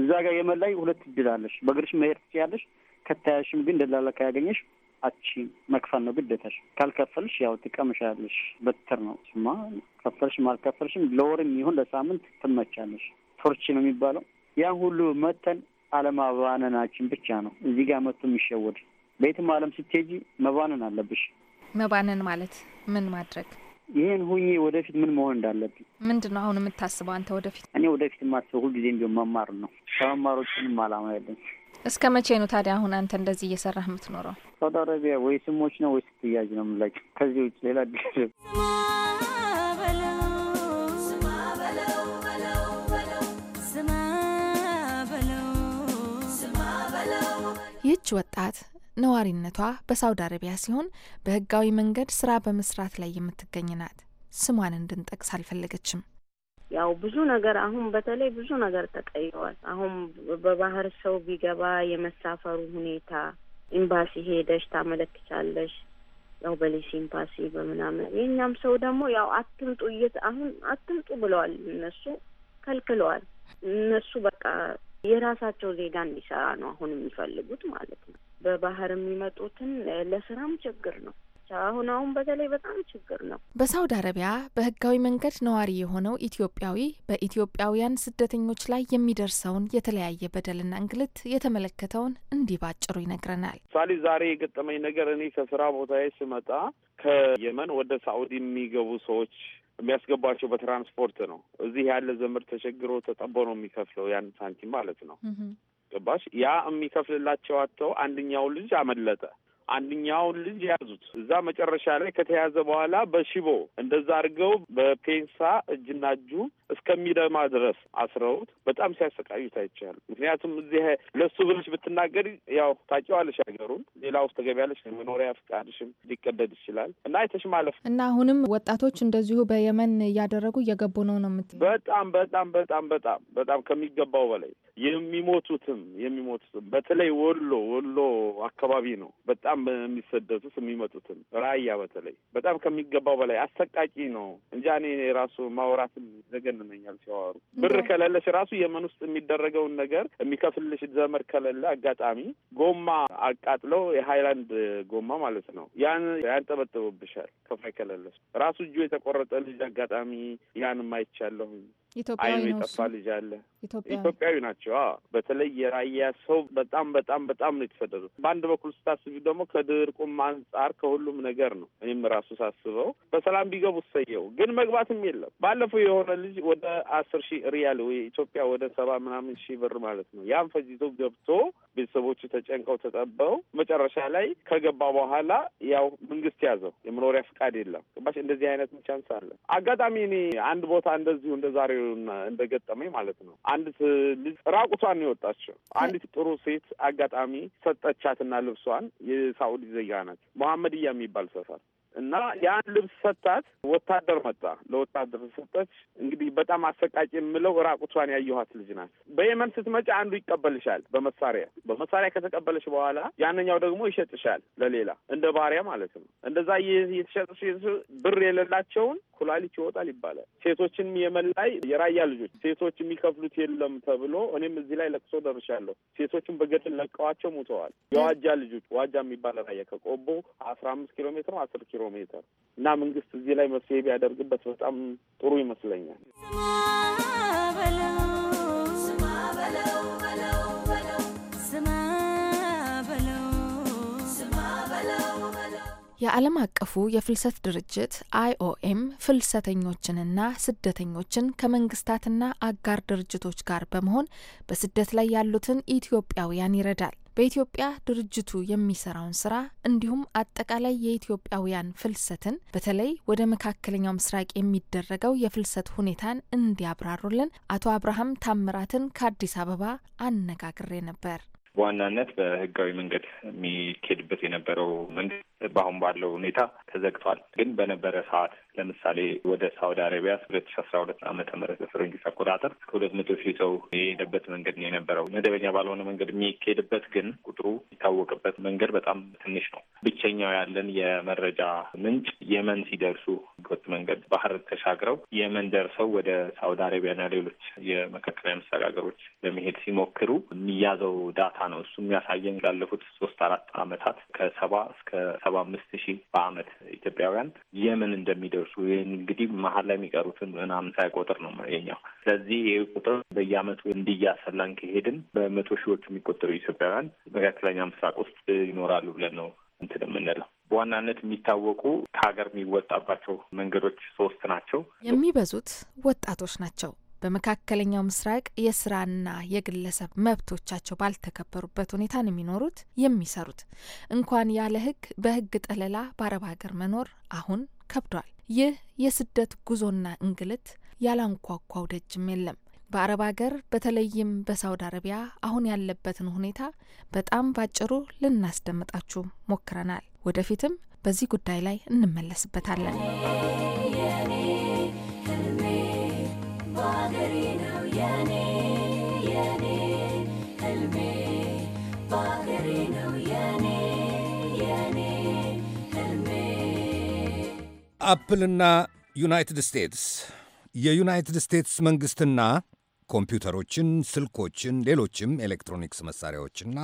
እዛ ጋር የመን ላይ ሁለት እድል አለሽ። በእግርሽ መሄድ ትችያለሽ። ከታያሽም ግን ደላላ ካያገኘሽ አቺ መክፈል ነው ግዴታሽ። ካልከፈልሽ ያው ትቀምሻለሽ። በትር ነው ስማ። ከፈልሽም አልከፈልሽም ለወርም ይሁን ለሳምንት ትመቻለሽ። ቶርች ነው የሚባለው። ያን ሁሉ መተን አለማባነናችን ብቻ ነው እዚህ ጋር መቶ የሚሸወድ። በየትም ዓለም ስትሄጂ መባነን አለብሽ። መባነን ማለት ምን ማድረግ ይህን ሁኜ ወደፊት ምን መሆን እንዳለብኝ ምንድን ነው አሁን የምታስበው አንተ ወደፊት? እኔ ወደፊት ሁል ጊዜ እንዲሁም መማር ነው። ከመማሮች ምንም አላማ ያለኝ። እስከ መቼ ነው ታዲያ አሁን አንተ እንደዚህ እየሰራህ የምትኖረው? ሳውዲ አረቢያ ወይ ስሞች ነው ወይ ስትያጅ ነው የምንላቸው። ከዚህ ውጭ ሌላ ይች ወጣት ነዋሪነቷ በሳውዲ አረቢያ ሲሆን በህጋዊ መንገድ ስራ በመስራት ላይ የምትገኝ ናት። ስሟን እንድንጠቅስ አልፈለገችም። ያው ብዙ ነገር አሁን በተለይ ብዙ ነገር ተቀይሯል። አሁን በባህር ሰው ቢገባ የመሳፈሩ ሁኔታ ኤምባሲ ሄደሽ ታመለክቻለሽ። ያው በሌስ ኤምባሲ በምናምን የእኛም ሰው ደግሞ ያው አትምጡ እየት አሁን አትምጡ ብለዋል። እነሱ ከልክለዋል። እነሱ በቃ የራሳቸው ዜጋ እንዲሰራ ነው አሁን የሚፈልጉት ማለት ነው። በባህር የሚመጡትን ለስራም ችግር ነው። አሁን አሁን በተለይ በጣም ችግር ነው። በሳውዲ አረቢያ በህጋዊ መንገድ ነዋሪ የሆነው ኢትዮጵያዊ በኢትዮጵያውያን ስደተኞች ላይ የሚደርሰውን የተለያየ በደልና እንግልት የተመለከተውን እንዲህ ባጭሩ ይነግረናል። ምሳሌ ዛሬ የገጠመኝ ነገር እኔ ከስራ ቦታዬ ስመጣ ከየመን ወደ ሳኡዲ የሚገቡ ሰዎች የሚያስገባቸው በትራንስፖርት ነው። እዚህ ያለ ዘመድ ተቸግሮ ተጠቦ ነው የሚከፍለው ያን ሳንቲም ማለት ነው። ገባሽ? ያ የሚከፍልላቸው አጥተው አንድኛውን ልጅ አመለጠ። አንድኛውን ልጅ ያዙት። እዛ መጨረሻ ላይ ከተያዘ በኋላ በሽቦ እንደዛ አድርገው በፔንሳ እጅና እጁ እስከሚደማ ድረስ አስረውት በጣም ሲያሰቃዩ ታይቻል። ምክንያቱም እዚህ ለሱ ብለሽ ብትናገሪ ያው ታውቂዋለሽ ሀገሩን፣ ሌላ ውስጥ ተገቢያለሽ፣ መኖሪያ ፍቃድሽም ሊቀደድ ይችላል እና አይተሽ ማለፍ እና አሁንም ወጣቶች እንደዚሁ በየመን እያደረጉ እየገቡ ነው ነው የምት በጣም በጣም በጣም በጣም በጣም ከሚገባው በላይ የሚሞቱትም የሚሞቱትም በተለይ ወሎ ወሎ አካባቢ ነው በጣም የሚሰደቱት የሚመጡትም ራያ በተለይ በጣም ከሚገባው በላይ አሰቃቂ ነው እንጃ እኔ ራሱ ማውራትም ዘገንነ ይመስለኛል ሲያወሩ። ብር ከሌለሽ ራሱ የመን ውስጥ የሚደረገውን ነገር የሚከፍልሽ ዘመድ ከሌለ አጋጣሚ ጎማ አቃጥለው የሀይላንድ ጎማ ማለት ነው ያን ያንጠበጥቡብሻል። ከፋይ ከሌለሽ ራሱ እጁ የተቆረጠ ልጅ አጋጣሚ ያን ማይቻለሁኝ ኢትዮጵያዊ የጠፋ ልጅ አለ። ኢትዮጵያዊ ናቸው። በተለይ የራያ ሰው በጣም በጣም በጣም ነው የተሰደዱት። በአንድ በኩል ስታስቢ ደግሞ ከድርቁም አንጻር ከሁሉም ነገር ነው። እኔም ራሱ ሳስበው በሰላም ቢገቡ ሰየው፣ ግን መግባትም የለም። ባለፈው የሆነ ልጅ ወደ አስር ሺህ ሪያል ኢትዮጵያ ወደ ሰባ ምናምን ሺህ ብር ማለት ነው ያን ፈጅቶ ገብቶ ቤተሰቦቹ ተጨንቀው ተጠበው መጨረሻ ላይ ከገባ በኋላ ያው መንግስት ያዘው። የመኖሪያ ፈቃድ የለም። ባሽ እንደዚህ አይነት ቻንስ አለ። አጋጣሚ እኔ አንድ ቦታ እንደዚሁ እንደ እንደገጠመኝ ማለት ነው። አንዲት ልጅ ራቁቷን የወጣችው አንዲት ጥሩ ሴት አጋጣሚ ሰጠቻትና ልብሷን፣ የሳዑዲ ዜጋ ናት፣ መሐመድያ የሚባል ሰፈር እና ያን ልብስ ሰጣት። ወታደር መጣ፣ ለወታደር ሰጠች። እንግዲህ በጣም አሰቃቂ የምለው ራቁቷን ያየኋት ልጅ ናት። በየመን ስትመጪ አንዱ ይቀበልሻል በመሳሪያ በመሳሪያ ከተቀበለች በኋላ ያንኛው ደግሞ ይሸጥሻል ለሌላ እንደ ባሪያ ማለት ነው። እንደዛ የተሸጥሽ ብር የሌላቸውን ኩላሊት ይወጣል ይባላል። ሴቶችን የመን ላይ የራያ ልጆች ሴቶች የሚከፍሉት የለም ተብሎ እኔም እዚህ ላይ ለቅሶ ደርሻለሁ። ሴቶችን በገደል ለቀዋቸው ሙተዋል። የዋጃ ልጆች ዋጃ የሚባል ራያ ከቆቦ አስራ አምስት ኪሎ ሜትር አስር ኪሎ ኪሎ ሜትር እና መንግስት እዚህ ላይ መፍትሄ ቢያደርግበት በጣም ጥሩ ይመስለኛል። የዓለም አቀፉ የፍልሰት ድርጅት አይኦኤም ፍልሰተኞችንና ስደተኞችን ከመንግስታትና አጋር ድርጅቶች ጋር በመሆን በስደት ላይ ያሉትን ኢትዮጵያውያን ይረዳል። በኢትዮጵያ ድርጅቱ የሚሰራውን ስራ እንዲሁም አጠቃላይ የኢትዮጵያውያን ፍልሰትን በተለይ ወደ መካከለኛው ምስራቅ የሚደረገው የፍልሰት ሁኔታን እንዲያብራሩልን አቶ አብርሃም ታምራትን ከአዲስ አበባ አነጋግሬ ነበር። በዋናነት በህጋዊ መንገድ የሚኬድበት የነበረው መንገድ በአሁን ባለው ሁኔታ ተዘግቷል። ግን በነበረ ሰዓት ለምሳሌ ወደ ሳውዲ አረቢያ ሁለት ሺ አስራ ሁለት ዓመተ ምህረት በፈረንጆች አቆጣጠር ከሁለት መቶ ሺህ ሰው የሄደበት መንገድ ነው የነበረው። መደበኛ ባልሆነ መንገድ የሚካሄድበት ግን ቁጥሩ የታወቅበት መንገድ በጣም ትንሽ ነው። ብቸኛው ያለን የመረጃ ምንጭ የመን ሲደርሱ ህገወጥ መንገድ ባህር ተሻግረው የመን ደርሰው ወደ ሳውዲ አረቢያና ሌሎች የመካከላዊ ምስራቅ ሀገሮች ለመሄድ ሲሞክሩ የሚያዘው ዳታ ነው። እሱ የሚያሳየን ላለፉት ሶስት አራት ዓመታት ከሰባ እስከ ሰባ አምስት ሺህ በአመት ኢትዮጵያውያን የመን እንደሚደርሱ እንግዲህ መሀል ላይ የሚቀሩትን ምናምን ሳይቆጥር ነው የኛው። ስለዚህ ይህ ቁጥር በየአመቱ እንዲያሰላን ከሄድን በመቶ ሺዎች የሚቆጠሩ ኢትዮጵያውያን መካከለኛ ምስራቅ ውስጥ ይኖራሉ ብለን ነው እንትን የምንለው። በዋናነት የሚታወቁ ከሀገር የሚወጣባቸው መንገዶች ሶስት ናቸው። የሚበዙት ወጣቶች ናቸው። በመካከለኛው ምስራቅ የስራና የግለሰብ መብቶቻቸው ባልተከበሩበት ሁኔታ ነው የሚኖሩት የሚሰሩት። እንኳን ያለ ህግ በህግ ጠለላ በአረብ ሀገር መኖር አሁን ከብዷል። ይህ የስደት ጉዞና እንግልት ያላንኳኳው ደጅም የለም። በአረብ ሀገር በተለይም በሳውዲ አረቢያ አሁን ያለበትን ሁኔታ በጣም ባጭሩ ልናስደምጣችሁ ሞክረናል። ወደፊትም በዚህ ጉዳይ ላይ እንመለስበታለን። አፕልና ዩናይትድ ስቴትስ የዩናይትድ ስቴትስ መንግሥትና ኮምፒውተሮችን፣ ስልኮችን፣ ሌሎችም ኤሌክትሮኒክስ መሣሪያዎችና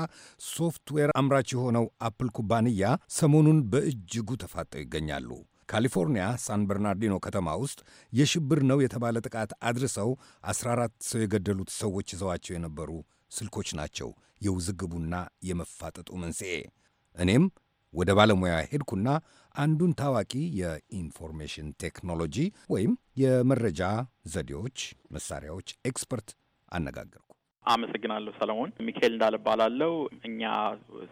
ሶፍትዌር አምራች የሆነው አፕል ኩባንያ ሰሞኑን በእጅጉ ተፋጠው ይገኛሉ። ካሊፎርኒያ ሳን በርናርዲኖ ከተማ ውስጥ የሽብር ነው የተባለ ጥቃት አድርሰው 14 ሰው የገደሉት ሰዎች ይዘዋቸው የነበሩ ስልኮች ናቸው የውዝግቡና የመፋጠጡ መንስኤ። እኔም ወደ ባለሙያ ሄድኩና አንዱን ታዋቂ የኢንፎርሜሽን ቴክኖሎጂ ወይም የመረጃ ዘዴዎች መሳሪያዎች ኤክስፐርት አነጋገርኩ። አመሰግናለሁ ሰለሞን። ሚካኤል እንዳለ እባላለሁ። እኛ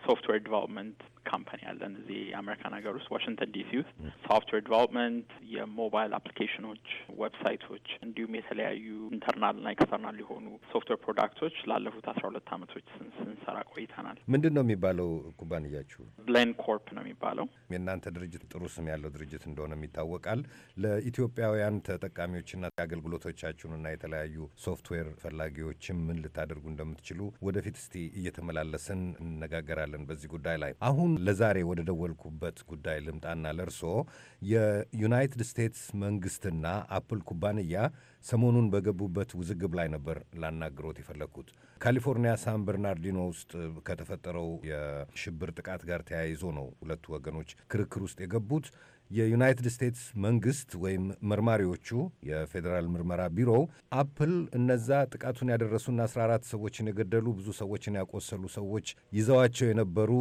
ሶፍትዌር ዲቨሎፕመንት ካምፓኒ አለን እዚህ የአሜሪካን ሀገር ውስጥ ዋሽንግተን ዲሲ ውስጥ ሶፍትዌር ዲቨሎፕመንት፣ የሞባይል አፕሊኬሽኖች፣ ዌብሳይቶች እንዲሁም የተለያዩ ና ኤክስተርናል የሆኑ ሶፍትዌር ፕሮዳክቶች ላለፉት አስራ ሁለት አመቶች ስንሰራ ቆይተናል። ምንድን ነው የሚባለው ኩባንያችሁ? ብሌን ኮርፕ ነው የሚባለው። የእናንተ ድርጅት ጥሩ ስም ያለው ድርጅት እንደሆነ ይታወቃል። ለኢትዮጵያውያን ተጠቃሚዎችና አገልግሎቶቻችሁንና የተለያዩ ሶፍትዌር ፈላጊዎችም ምን ልታደርጉ እንደምትችሉ ወደፊት እስቲ እየተመላለስን እንነጋገራለን በዚህ ጉዳይ ላይ አሁን አሁን ለዛሬ ወደ ደወልኩበት ጉዳይ ልምጣና ለርሶ የዩናይትድ ስቴትስ መንግስትና አፕል ኩባንያ ሰሞኑን በገቡበት ውዝግብ ላይ ነበር ላናግሮት የፈለግኩት። ካሊፎርኒያ ሳን በርናርዲኖ ውስጥ ከተፈጠረው የሽብር ጥቃት ጋር ተያይዞ ነው ሁለቱ ወገኖች ክርክር ውስጥ የገቡት። የዩናይትድ ስቴትስ መንግስት ወይም መርማሪዎቹ የፌዴራል ምርመራ ቢሮው አፕል እነዛ ጥቃቱን ያደረሱና 14 ሰዎችን የገደሉ ብዙ ሰዎችን ያቆሰሉ ሰዎች ይዘዋቸው የነበሩ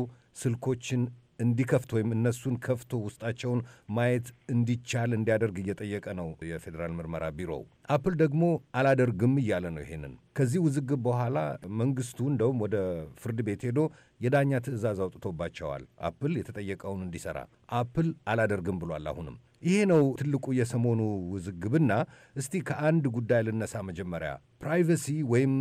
ስልኮችን እንዲከፍት ወይም እነሱን ከፍቶ ውስጣቸውን ማየት እንዲቻል እንዲያደርግ እየጠየቀ ነው የፌዴራል ምርመራ ቢሮው። አፕል ደግሞ አላደርግም እያለ ነው። ይሄንን ከዚህ ውዝግብ በኋላ መንግስቱ እንደውም ወደ ፍርድ ቤት ሄዶ የዳኛ ትዕዛዝ አውጥቶባቸዋል። አፕል የተጠየቀውን እንዲሰራ አፕል አላደርግም ብሏል። አሁንም ይሄ ነው ትልቁ የሰሞኑ ውዝግብና እስቲ ከአንድ ጉዳይ ልነሳ መጀመሪያ ፕራይቨሲ ወይም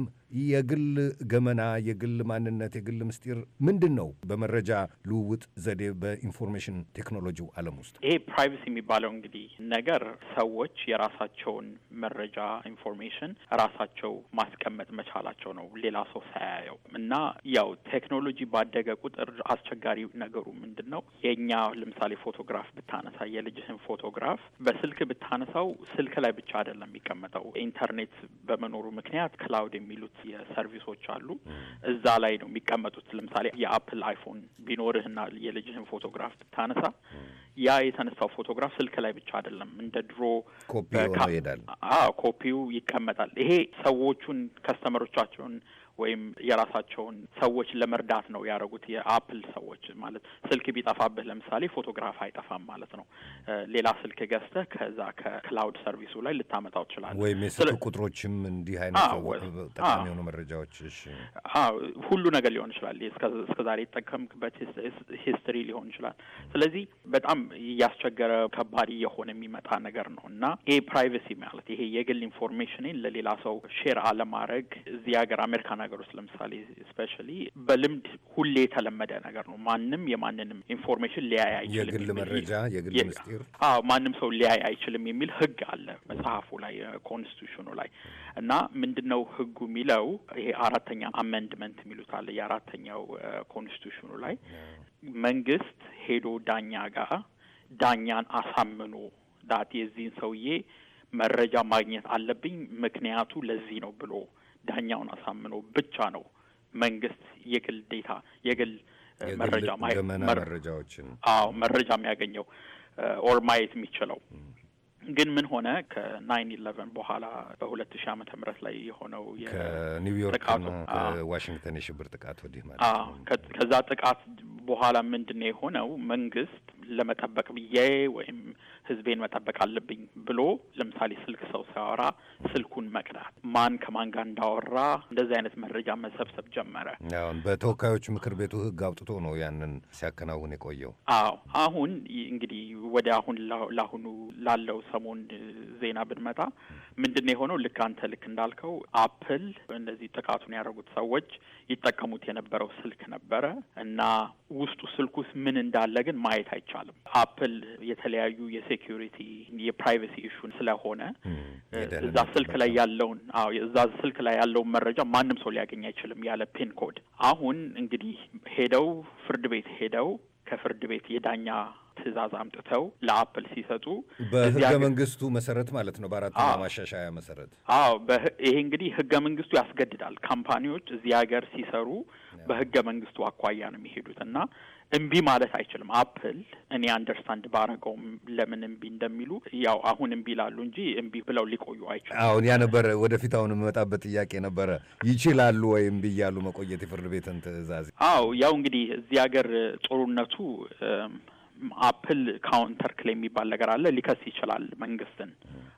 የግል ገመና፣ የግል ማንነት፣ የግል ምስጢር ምንድን ነው? በመረጃ ልውውጥ ዘዴ በኢንፎርሜሽን ቴክኖሎጂ ዓለም ውስጥ ይሄ ፕራይቬሲ የሚባለው እንግዲህ ነገር ሰዎች የራሳቸውን መረጃ ኢንፎርሜሽን ራሳቸው ማስቀመጥ መቻላቸው ነው፣ ሌላ ሰው ሳያየው እና ያው ቴክኖሎጂ ባደገ ቁጥር አስቸጋሪ ነገሩ ምንድን ነው? የእኛ ለምሳሌ ፎቶግራፍ ብታነሳ የልጅህን ፎቶግራፍ በስልክ ብታነሳው ስልክ ላይ ብቻ አይደለም የሚቀመጠው ኢንተርኔት በመኖሩ ምክንያት ክላውድ የሚሉት የሰርቪሶች አሉ። እዛ ላይ ነው የሚቀመጡት። ለምሳሌ የአፕል አይፎን ቢኖርህና የልጅህን ፎቶግራፍ ብታነሳ ያ የተነሳው ፎቶግራፍ ስልክ ላይ ብቻ አይደለም፣ እንደ ድሮ ኮፒው ይቀመጣል። ይሄ ሰዎቹን ከስተመሮቻቸውን ወይም የራሳቸውን ሰዎች ለመርዳት ነው ያደረጉት። የአፕል ሰዎች ማለት ስልክ ቢጠፋብህ ለምሳሌ ፎቶግራፍ አይጠፋም ማለት ነው። ሌላ ስልክ ገዝተህ ከዛ ከክላውድ ሰርቪሱ ላይ ልታመጣው ትችላለህ። ወይም የስልክ ቁጥሮችም እንዲህ አይነት ጠቃሚ የሆኑ መረጃዎች ሁሉ ነገር ሊሆን ይችላል። እስከ ዛሬ የተጠቀምክበት ሂስትሪ ሊሆን ይችላል። ስለዚህ በጣም እያስቸገረ ከባድ እየሆነ የሚመጣ ነገር ነው እና ይሄ ፕራይቬሲ ማለት ይሄ የግል ኢንፎርሜሽንን ለሌላ ሰው ሼር አለማድረግ እዚህ ሀገር አሜሪካን ነገር ውስጥ ለምሳሌ ስፔሻሊ በልምድ ሁሌ የተለመደ ነገር ነው። ማንም የማንንም ኢንፎርሜሽን ሊያይ አይችልም። የግል መረጃ፣ የግል ምስጢር፣ አዎ ማንም ሰው ሊያይ አይችልም የሚል ህግ አለ መጽሐፉ ላይ ኮንስቲቱሽኑ ላይ እና ምንድን ነው ህጉ የሚለው ይሄ አራተኛ አመንድመንት የሚሉት አለ የአራተኛው ኮንስቲቱሽኑ ላይ መንግስት ሄዶ ዳኛ ጋር ዳኛን አሳምኖ ዳት የዚህን ሰውዬ መረጃ ማግኘት አለብኝ ምክንያቱ ለዚህ ነው ብሎ ዳኛውን አሳምኖ ብቻ ነው መንግስት የግል ዴታ የግል መረጃ መረጃዎችን አዎ መረጃ የሚያገኘው ኦር ማየት የሚችለው ግን ምን ሆነ ከናይን ኢለቨን በኋላ በሁለት ሺህ ዓመተ ምህረት ላይ የሆነው ከኒውዮርክ ዋሽንግተን የሽብር ጥቃት ወዲህ ማለት ከዛ ጥቃት በኋላ ምንድን ነው የሆነው መንግስት ለመጠበቅ ብዬ ወይም ህዝቤን መጠበቅ አለብኝ ብሎ ለምሳሌ ስልክ ሰው ሲያወራ ስልኩን መቅዳት፣ ማን ከማን ጋር እንዳወራ እንደዚህ አይነት መረጃ መሰብሰብ ጀመረ። በተወካዮች ምክር ቤቱ ህግ አውጥቶ ነው ያንን ሲያከናውን የቆየው። አዎ አሁን እንግዲህ ወደ አሁን ለአሁኑ ላለው ሰሞን ዜና ብንመጣ ምንድን የሆነው? ልክ አንተ ልክ እንዳልከው አፕል እነዚህ ጥቃቱን ያደረጉት ሰዎች ይጠቀሙት የነበረው ስልክ ነበረ እና ውስጡ ስልኩስ ምን እንዳለ ግን ማየት አይቻል አይቻልም። አፕል የተለያዩ የሴኪሪቲ የፕራይቬሲ ኢሹን ስለሆነ እዛ ስልክ ላይ ያለውን አዎ እዛ ስልክ ላይ ያለውን መረጃ ማንም ሰው ሊያገኝ አይችልም ያለ ፒን ኮድ። አሁን እንግዲህ ሄደው ፍርድ ቤት ሄደው ከፍርድ ቤት የዳኛ ትዕዛዝ አምጥተው ለአፕል ሲሰጡ በህገ መንግስቱ መሰረት ማለት ነው። በአራተኛ ማሻሻያ መሰረት አዎ፣ ይሄ እንግዲህ ህገ መንግስቱ ያስገድዳል። ካምፓኒዎች እዚህ ሀገር ሲሰሩ በህገ መንግስቱ አኳያ ነው የሚሄዱት እና እምቢ ማለት አይችልም። አፕል እኔ አንደርስታንድ ባረገውም ለምን እምቢ እንደሚሉ ያው አሁን እምቢ ይላሉ እንጂ እምቢ ብለው ሊቆዩ አይችሉም። አሁን ያ ነበረ ወደፊት አሁን የምመጣበት ጥያቄ ነበረ። ይችላሉ ወይ እምቢ እያሉ መቆየት የፍርድ ቤትን ትዕዛዝ? አዎ ያው እንግዲህ እዚህ ሀገር ጥሩነቱ አፕል ካውንተር ክሌም የሚባል ነገር አለ። ሊከስ ይችላል መንግስትን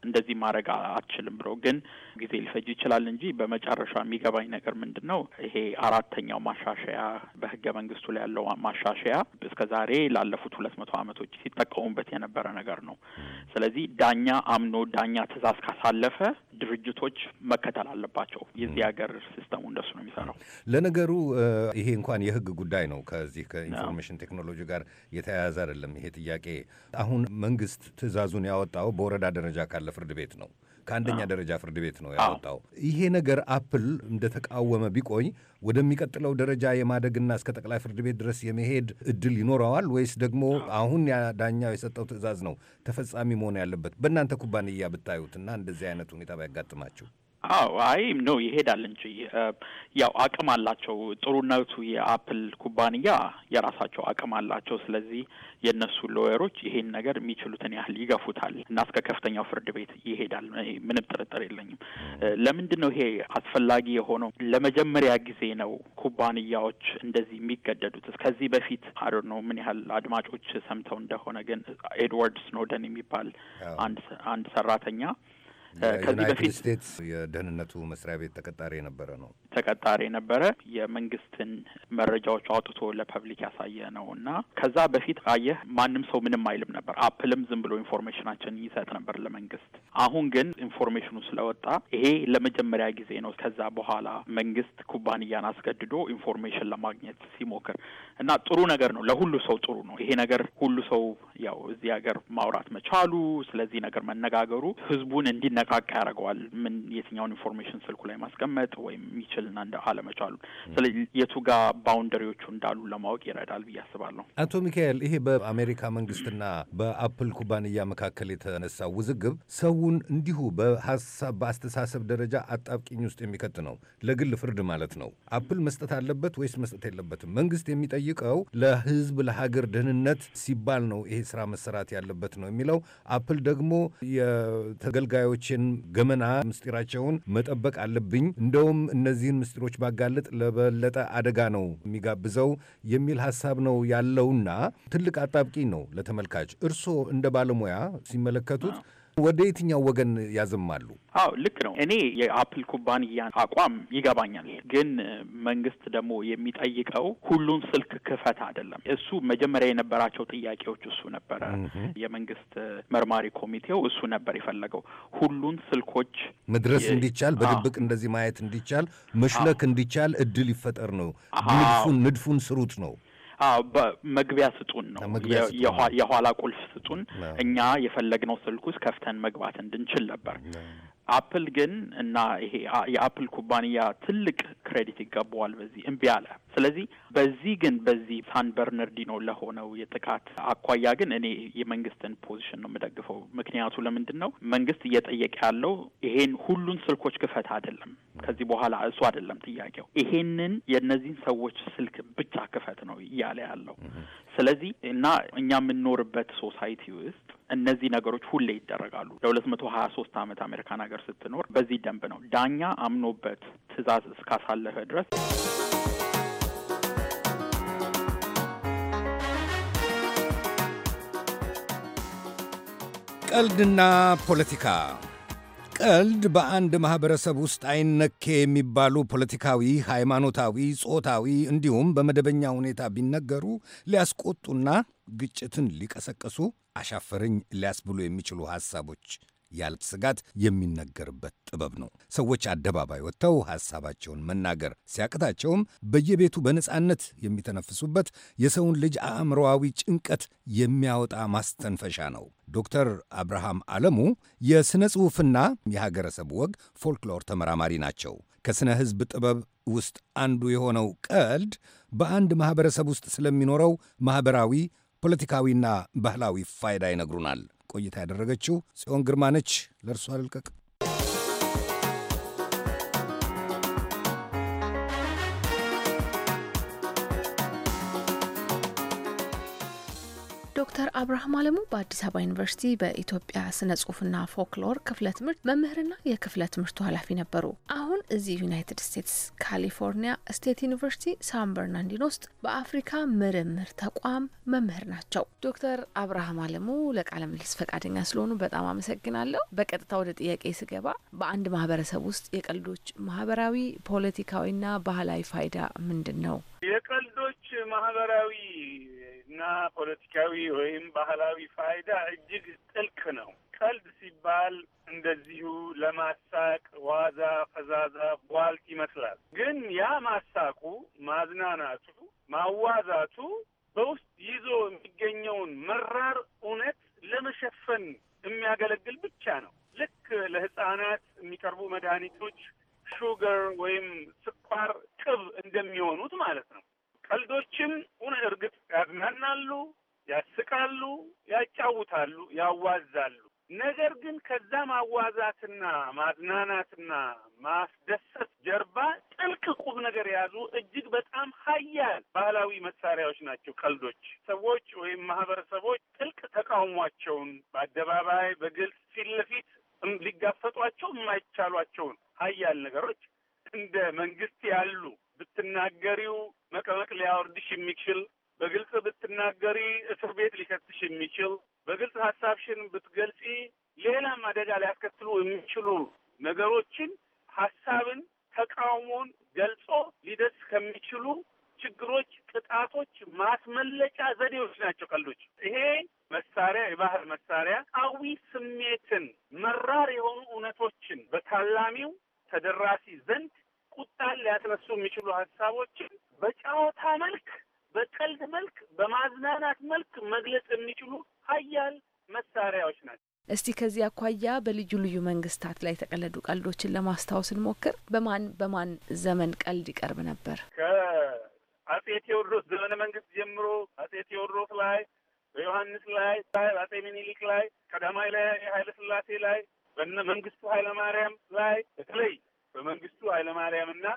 እንደዚህ ማድረግ አትችልም ብሎ ግን ጊዜ ሊፈጅ ይችላል እንጂ በመጨረሻ የሚገባኝ ነገር ምንድን ነው? ይሄ አራተኛው ማሻሻያ በህገ መንግስቱ ላይ ያለው ማሻሻያ እስከ ዛሬ ላለፉት ሁለት መቶ አመቶች ሲጠቀሙበት የነበረ ነገር ነው። ስለዚህ ዳኛ አምኖ ዳኛ ትእዛዝ ካሳለፈ ድርጅቶች መከተል አለባቸው። የዚህ ሀገር ሲስተሙ እንደሱ ነው የሚሰራው። ለነገሩ ይሄ እንኳን የህግ ጉዳይ ነው ከዚህ ከኢንፎርሜሽን ቴክኖሎጂ ጋር የተያያዘ አይደለም ይሄ ጥያቄ። አሁን መንግስት ትዕዛዙን ያወጣው በወረዳ ደረጃ ካለ ፍርድ ቤት ነው ከአንደኛ ደረጃ ፍርድ ቤት ነው ያወጣው። ይሄ ነገር አፕል እንደተቃወመ ቢቆይ ወደሚቀጥለው ደረጃ የማደግና እስከ ጠቅላይ ፍርድ ቤት ድረስ የመሄድ እድል ይኖረዋል ወይስ ደግሞ አሁን ዳኛው የሰጠው ትዕዛዝ ነው ተፈጻሚ መሆን ያለበት? በእናንተ ኩባንያ ብታዩትና እንደዚህ አይነት ሁኔታ ባያጋጥማችሁ አዎ አይ ነው ይሄዳል እንጂ ያው አቅም አላቸው። ጥሩነቱ የአፕል ኩባንያ የራሳቸው አቅም አላቸው። ስለዚህ የእነሱ ሎየሮች ይሄን ነገር የሚችሉትን ያህል ይገፉታል እና እስከ ከፍተኛው ፍርድ ቤት ይሄዳል። ምንም ጥርጥር የለኝም። ለምንድን ነው ይሄ አስፈላጊ የሆነው? ለመጀመሪያ ጊዜ ነው ኩባንያዎች እንደዚህ የሚገደዱት። ከዚህ በፊት አዶ ነው ምን ያህል አድማጮች ሰምተው እንደሆነ ግን ኤድዋርድ ስኖደን የሚባል አንድ ሰራተኛ ከዚህ በፊት ስቴትስ የደህንነቱ መስሪያ ቤት ተቀጣሪ የነበረ ነው ተቀጣሪ የነበረ የመንግስትን መረጃዎች አውጥቶ ለፐብሊክ ያሳየ ነው እና ከዛ በፊት አየህ ማንም ሰው ምንም አይልም ነበር። አፕልም ዝም ብሎ ኢንፎርሜሽናችን ይሰጥ ነበር ለመንግስት። አሁን ግን ኢንፎርሜሽኑ ስለወጣ ይሄ ለመጀመሪያ ጊዜ ነው ከዛ በኋላ መንግስት ኩባንያን አስገድዶ ኢንፎርሜሽን ለማግኘት ሲሞክር እና ጥሩ ነገር ነው። ለሁሉ ሰው ጥሩ ነው ይሄ ነገር። ሁሉ ሰው ያው እዚህ ሀገር ማውራት መቻሉ ስለዚህ ነገር መነጋገሩ ህዝቡን እንዲ እንዲነቃቅ ያደርገዋል። ምን የትኛውን ኢንፎርሜሽን ስልኩ ላይ ማስቀመጥ ወይም የሚችልና አለመቻሉ፣ ስለዚህ የቱ ጋር ባውንደሪዎቹ እንዳሉ ለማወቅ ይረዳል ብዬ አስባለሁ። አቶ ሚካኤል፣ ይሄ በአሜሪካ መንግስትና በአፕል ኩባንያ መካከል የተነሳው ውዝግብ ሰውን እንዲሁ በሀሳብ በአስተሳሰብ ደረጃ አጣብቂኝ ውስጥ የሚከት ነው። ለግል ፍርድ ማለት ነው። አፕል መስጠት አለበት ወይስ መስጠት የለበትም? መንግስት የሚጠይቀው ለህዝብ ለሀገር ደህንነት ሲባል ነው ይሄ ስራ መሰራት ያለበት ነው የሚለው አፕል ደግሞ የተገልጋዮች የሀገራችን ገመና ምስጢራቸውን መጠበቅ አለብኝ፣ እንደውም እነዚህን ምስጢሮች ባጋለጥ ለበለጠ አደጋ ነው የሚጋብዘው የሚል ሀሳብ ነው ያለውና ትልቅ አጣብቂ ነው ለተመልካች። እርስዎ እንደ ባለሙያ ሲመለከቱት ወደ የትኛው ወገን ያዘማሉ? አዎ ልክ ነው። እኔ የአፕል ኩባንያ አቋም ይገባኛል። ግን መንግስት ደግሞ የሚጠይቀው ሁሉን ስልክ ክፈት አይደለም። እሱ መጀመሪያ የነበራቸው ጥያቄዎች እሱ ነበረ። የመንግስት መርማሪ ኮሚቴው እሱ ነበር የፈለገው ሁሉን ስልኮች መድረስ እንዲቻል፣ በድብቅ እንደዚህ ማየት እንዲቻል፣ መሽለክ እንዲቻል እድል ይፈጠር ነው። ንድፉን ንድፉን ስሩት ነው መግቢያ ስጡን ነው የኋላ ቁልፍ ስጡን። እኛ የፈለግነው ስልኩስ ውስጥ ከፍተን መግባት እንድንችል ነበር። አፕል ግን እና ይሄ የአፕል ኩባንያ ትልቅ ክሬዲት ይገባዋል በዚህ እምቢ አለ። ስለዚህ በዚህ ግን በዚህ ሳን በርነርዲኖ ለሆነው የጥቃት አኳያ ግን እኔ የመንግስትን ፖዚሽን ነው የምደግፈው። ምክንያቱ ለምንድን ነው? መንግስት እየጠየቀ ያለው ይሄን ሁሉን ስልኮች ክፈት አይደለም። ከዚህ በኋላ እሱ አይደለም ጥያቄው፣ ይሄንን የእነዚህን ሰዎች ስልክ ብቻ ክፈት ነው እያለ ያለው። ስለዚህ እና እኛ የምንኖርበት ሶሳይቲ ውስጥ እነዚህ ነገሮች ሁሌ ይደረጋሉ። ለሁለት መቶ ሀያ ሶስት አመት አሜሪካን ሀገር ስትኖር በዚህ ደንብ ነው ዳኛ አምኖበት ትእዛዝ እስካሳለፈ ድረስ ቀልድና ፖለቲካ ቀልድ በአንድ ማኅበረሰብ ውስጥ አይነኬ የሚባሉ ፖለቲካዊ፣ ሃይማኖታዊ፣ ጾታዊ እንዲሁም በመደበኛ ሁኔታ ቢነገሩ ሊያስቆጡና ግጭትን ሊቀሰቀሱ አሻፈረኝ ሊያስብሉ የሚችሉ ሐሳቦች ያለ ስጋት የሚነገርበት ጥበብ ነው። ሰዎች አደባባይ ወጥተው ሐሳባቸውን መናገር ሲያቅታቸውም በየቤቱ በነፃነት የሚተነፍሱበት የሰውን ልጅ አእምሮዊ ጭንቀት የሚያወጣ ማስተንፈሻ ነው። ዶክተር አብርሃም አለሙ የሥነ ጽሑፍና የሀገረሰብ ወግ ፎልክሎር ተመራማሪ ናቸው። ከሥነ ሕዝብ ጥበብ ውስጥ አንዱ የሆነው ቀልድ በአንድ ማኅበረሰብ ውስጥ ስለሚኖረው ማኅበራዊ ፖለቲካዊና ባህላዊ ፋይዳ ይነግሩናል። ቆይታ ያደረገችው ጽዮን ግርማ ነች። ለእርሷ ልልቀቅ። ዶክተር አብርሃም አለሙ በአዲስ አበባ ዩኒቨርሲቲ በኢትዮጵያ ስነ ጽሁፍና ፎክሎር ክፍለ ትምህርት መምህርና የክፍለ ትምህርቱ ኃላፊ ነበሩ። አሁን እዚህ ዩናይትድ ስቴትስ ካሊፎርኒያ ስቴት ዩኒቨርሲቲ ሳን በርናንዲኖ ውስጥ በአፍሪካ ምርምር ተቋም መምህር ናቸው። ዶክተር አብርሃም አለሙ ለቃለ ምልልስ ፈቃደኛ ስለሆኑ በጣም አመሰግናለሁ። በቀጥታ ወደ ጥያቄ ስገባ በአንድ ማህበረሰብ ውስጥ የቀልዶች ማህበራዊ ፖለቲካዊና ባህላዊ ፋይዳ ምንድን ነው? የቀልዶች ማህበራዊ እና ፖለቲካዊ ወይም ባህላዊ ፋይዳ እጅግ ጥልቅ ነው። ቀልድ ሲባል እንደዚሁ ለማሳቅ ዋዛ ፈዛዛ ቧልት ይመስላል። ግን ያ ማሳቁ፣ ማዝናናቱ፣ ማዋዛቱ በውስጥ ይዞ የሚገኘውን መራር እውነት ለመሸፈን የሚያገለግል ብቻ ነው። ልክ ለሕፃናት የሚቀርቡ መድኃኒቶች ሹገር ወይም ስኳር ቅብ እንደሚሆኑት ማለት ነው። ቀልዶችም እውነ እርግጥ ያዝናናሉ፣ ያስቃሉ፣ ያጫውታሉ፣ ያዋዛሉ። ነገር ግን ከዛ ማዋዛትና ማዝናናትና ማስደሰት ጀርባ ጥልቅ ቁም ነገር የያዙ እጅግ በጣም ሀያል ባህላዊ መሳሪያዎች ናቸው። ቀልዶች ሰዎች ወይም ማህበረሰቦች ጥልቅ ተቃውሟቸውን በአደባባይ በግልጽ ፊት ለፊት ሊጋፈጧቸው የማይቻሏቸውን ሀያል ነገሮች እንደ መንግስት ያሉ ብትናገሪው መቀመቅ ሊያወርድሽ የሚችል በግልጽ ብትናገሪ እስር ቤት ሊከትሽ የሚችል በግልጽ ሀሳብሽን ብትገልጺ ሌላም አደጋ ሊያስከትሉ የሚችሉ ነገሮችን ሀሳብን፣ ተቃውሞን ገልጾ ሊደርስ ከሚችሉ ችግሮች፣ ቅጣቶች ማስመለጫ ዘዴዎች ናቸው ቀልዶች። ይሄ መሳሪያ የባህል መሳሪያ አዊ ስሜትን መራር የሆኑ እውነቶችን በታላሚው ተደራሲ ዘንድ ቁጣን ሊያስነሱ የሚችሉ ሀሳቦችን በጨዋታ መልክ፣ በቀልድ መልክ፣ በማዝናናት መልክ መግለጽ የሚችሉ ሀያል መሳሪያዎች ናቸው። እስቲ ከዚህ አኳያ በልዩ ልዩ መንግስታት ላይ የተቀለዱ ቀልዶችን ለማስታወስ እንሞክር። በማን በማን ዘመን ቀልድ ይቀርብ ነበር? ከአጼ ቴዎድሮስ ዘመነ መንግስት ጀምሮ አጼ ቴዎድሮስ ላይ፣ በዮሐንስ ላይ፣ አጼ ሚኒሊክ ላይ፣ ቀዳማዊ ላይ ኃይለ ስላሴ ላይ፣ በነ መንግስቱ ኃይለማርያም ላይ በተለይ በመንግስቱ እና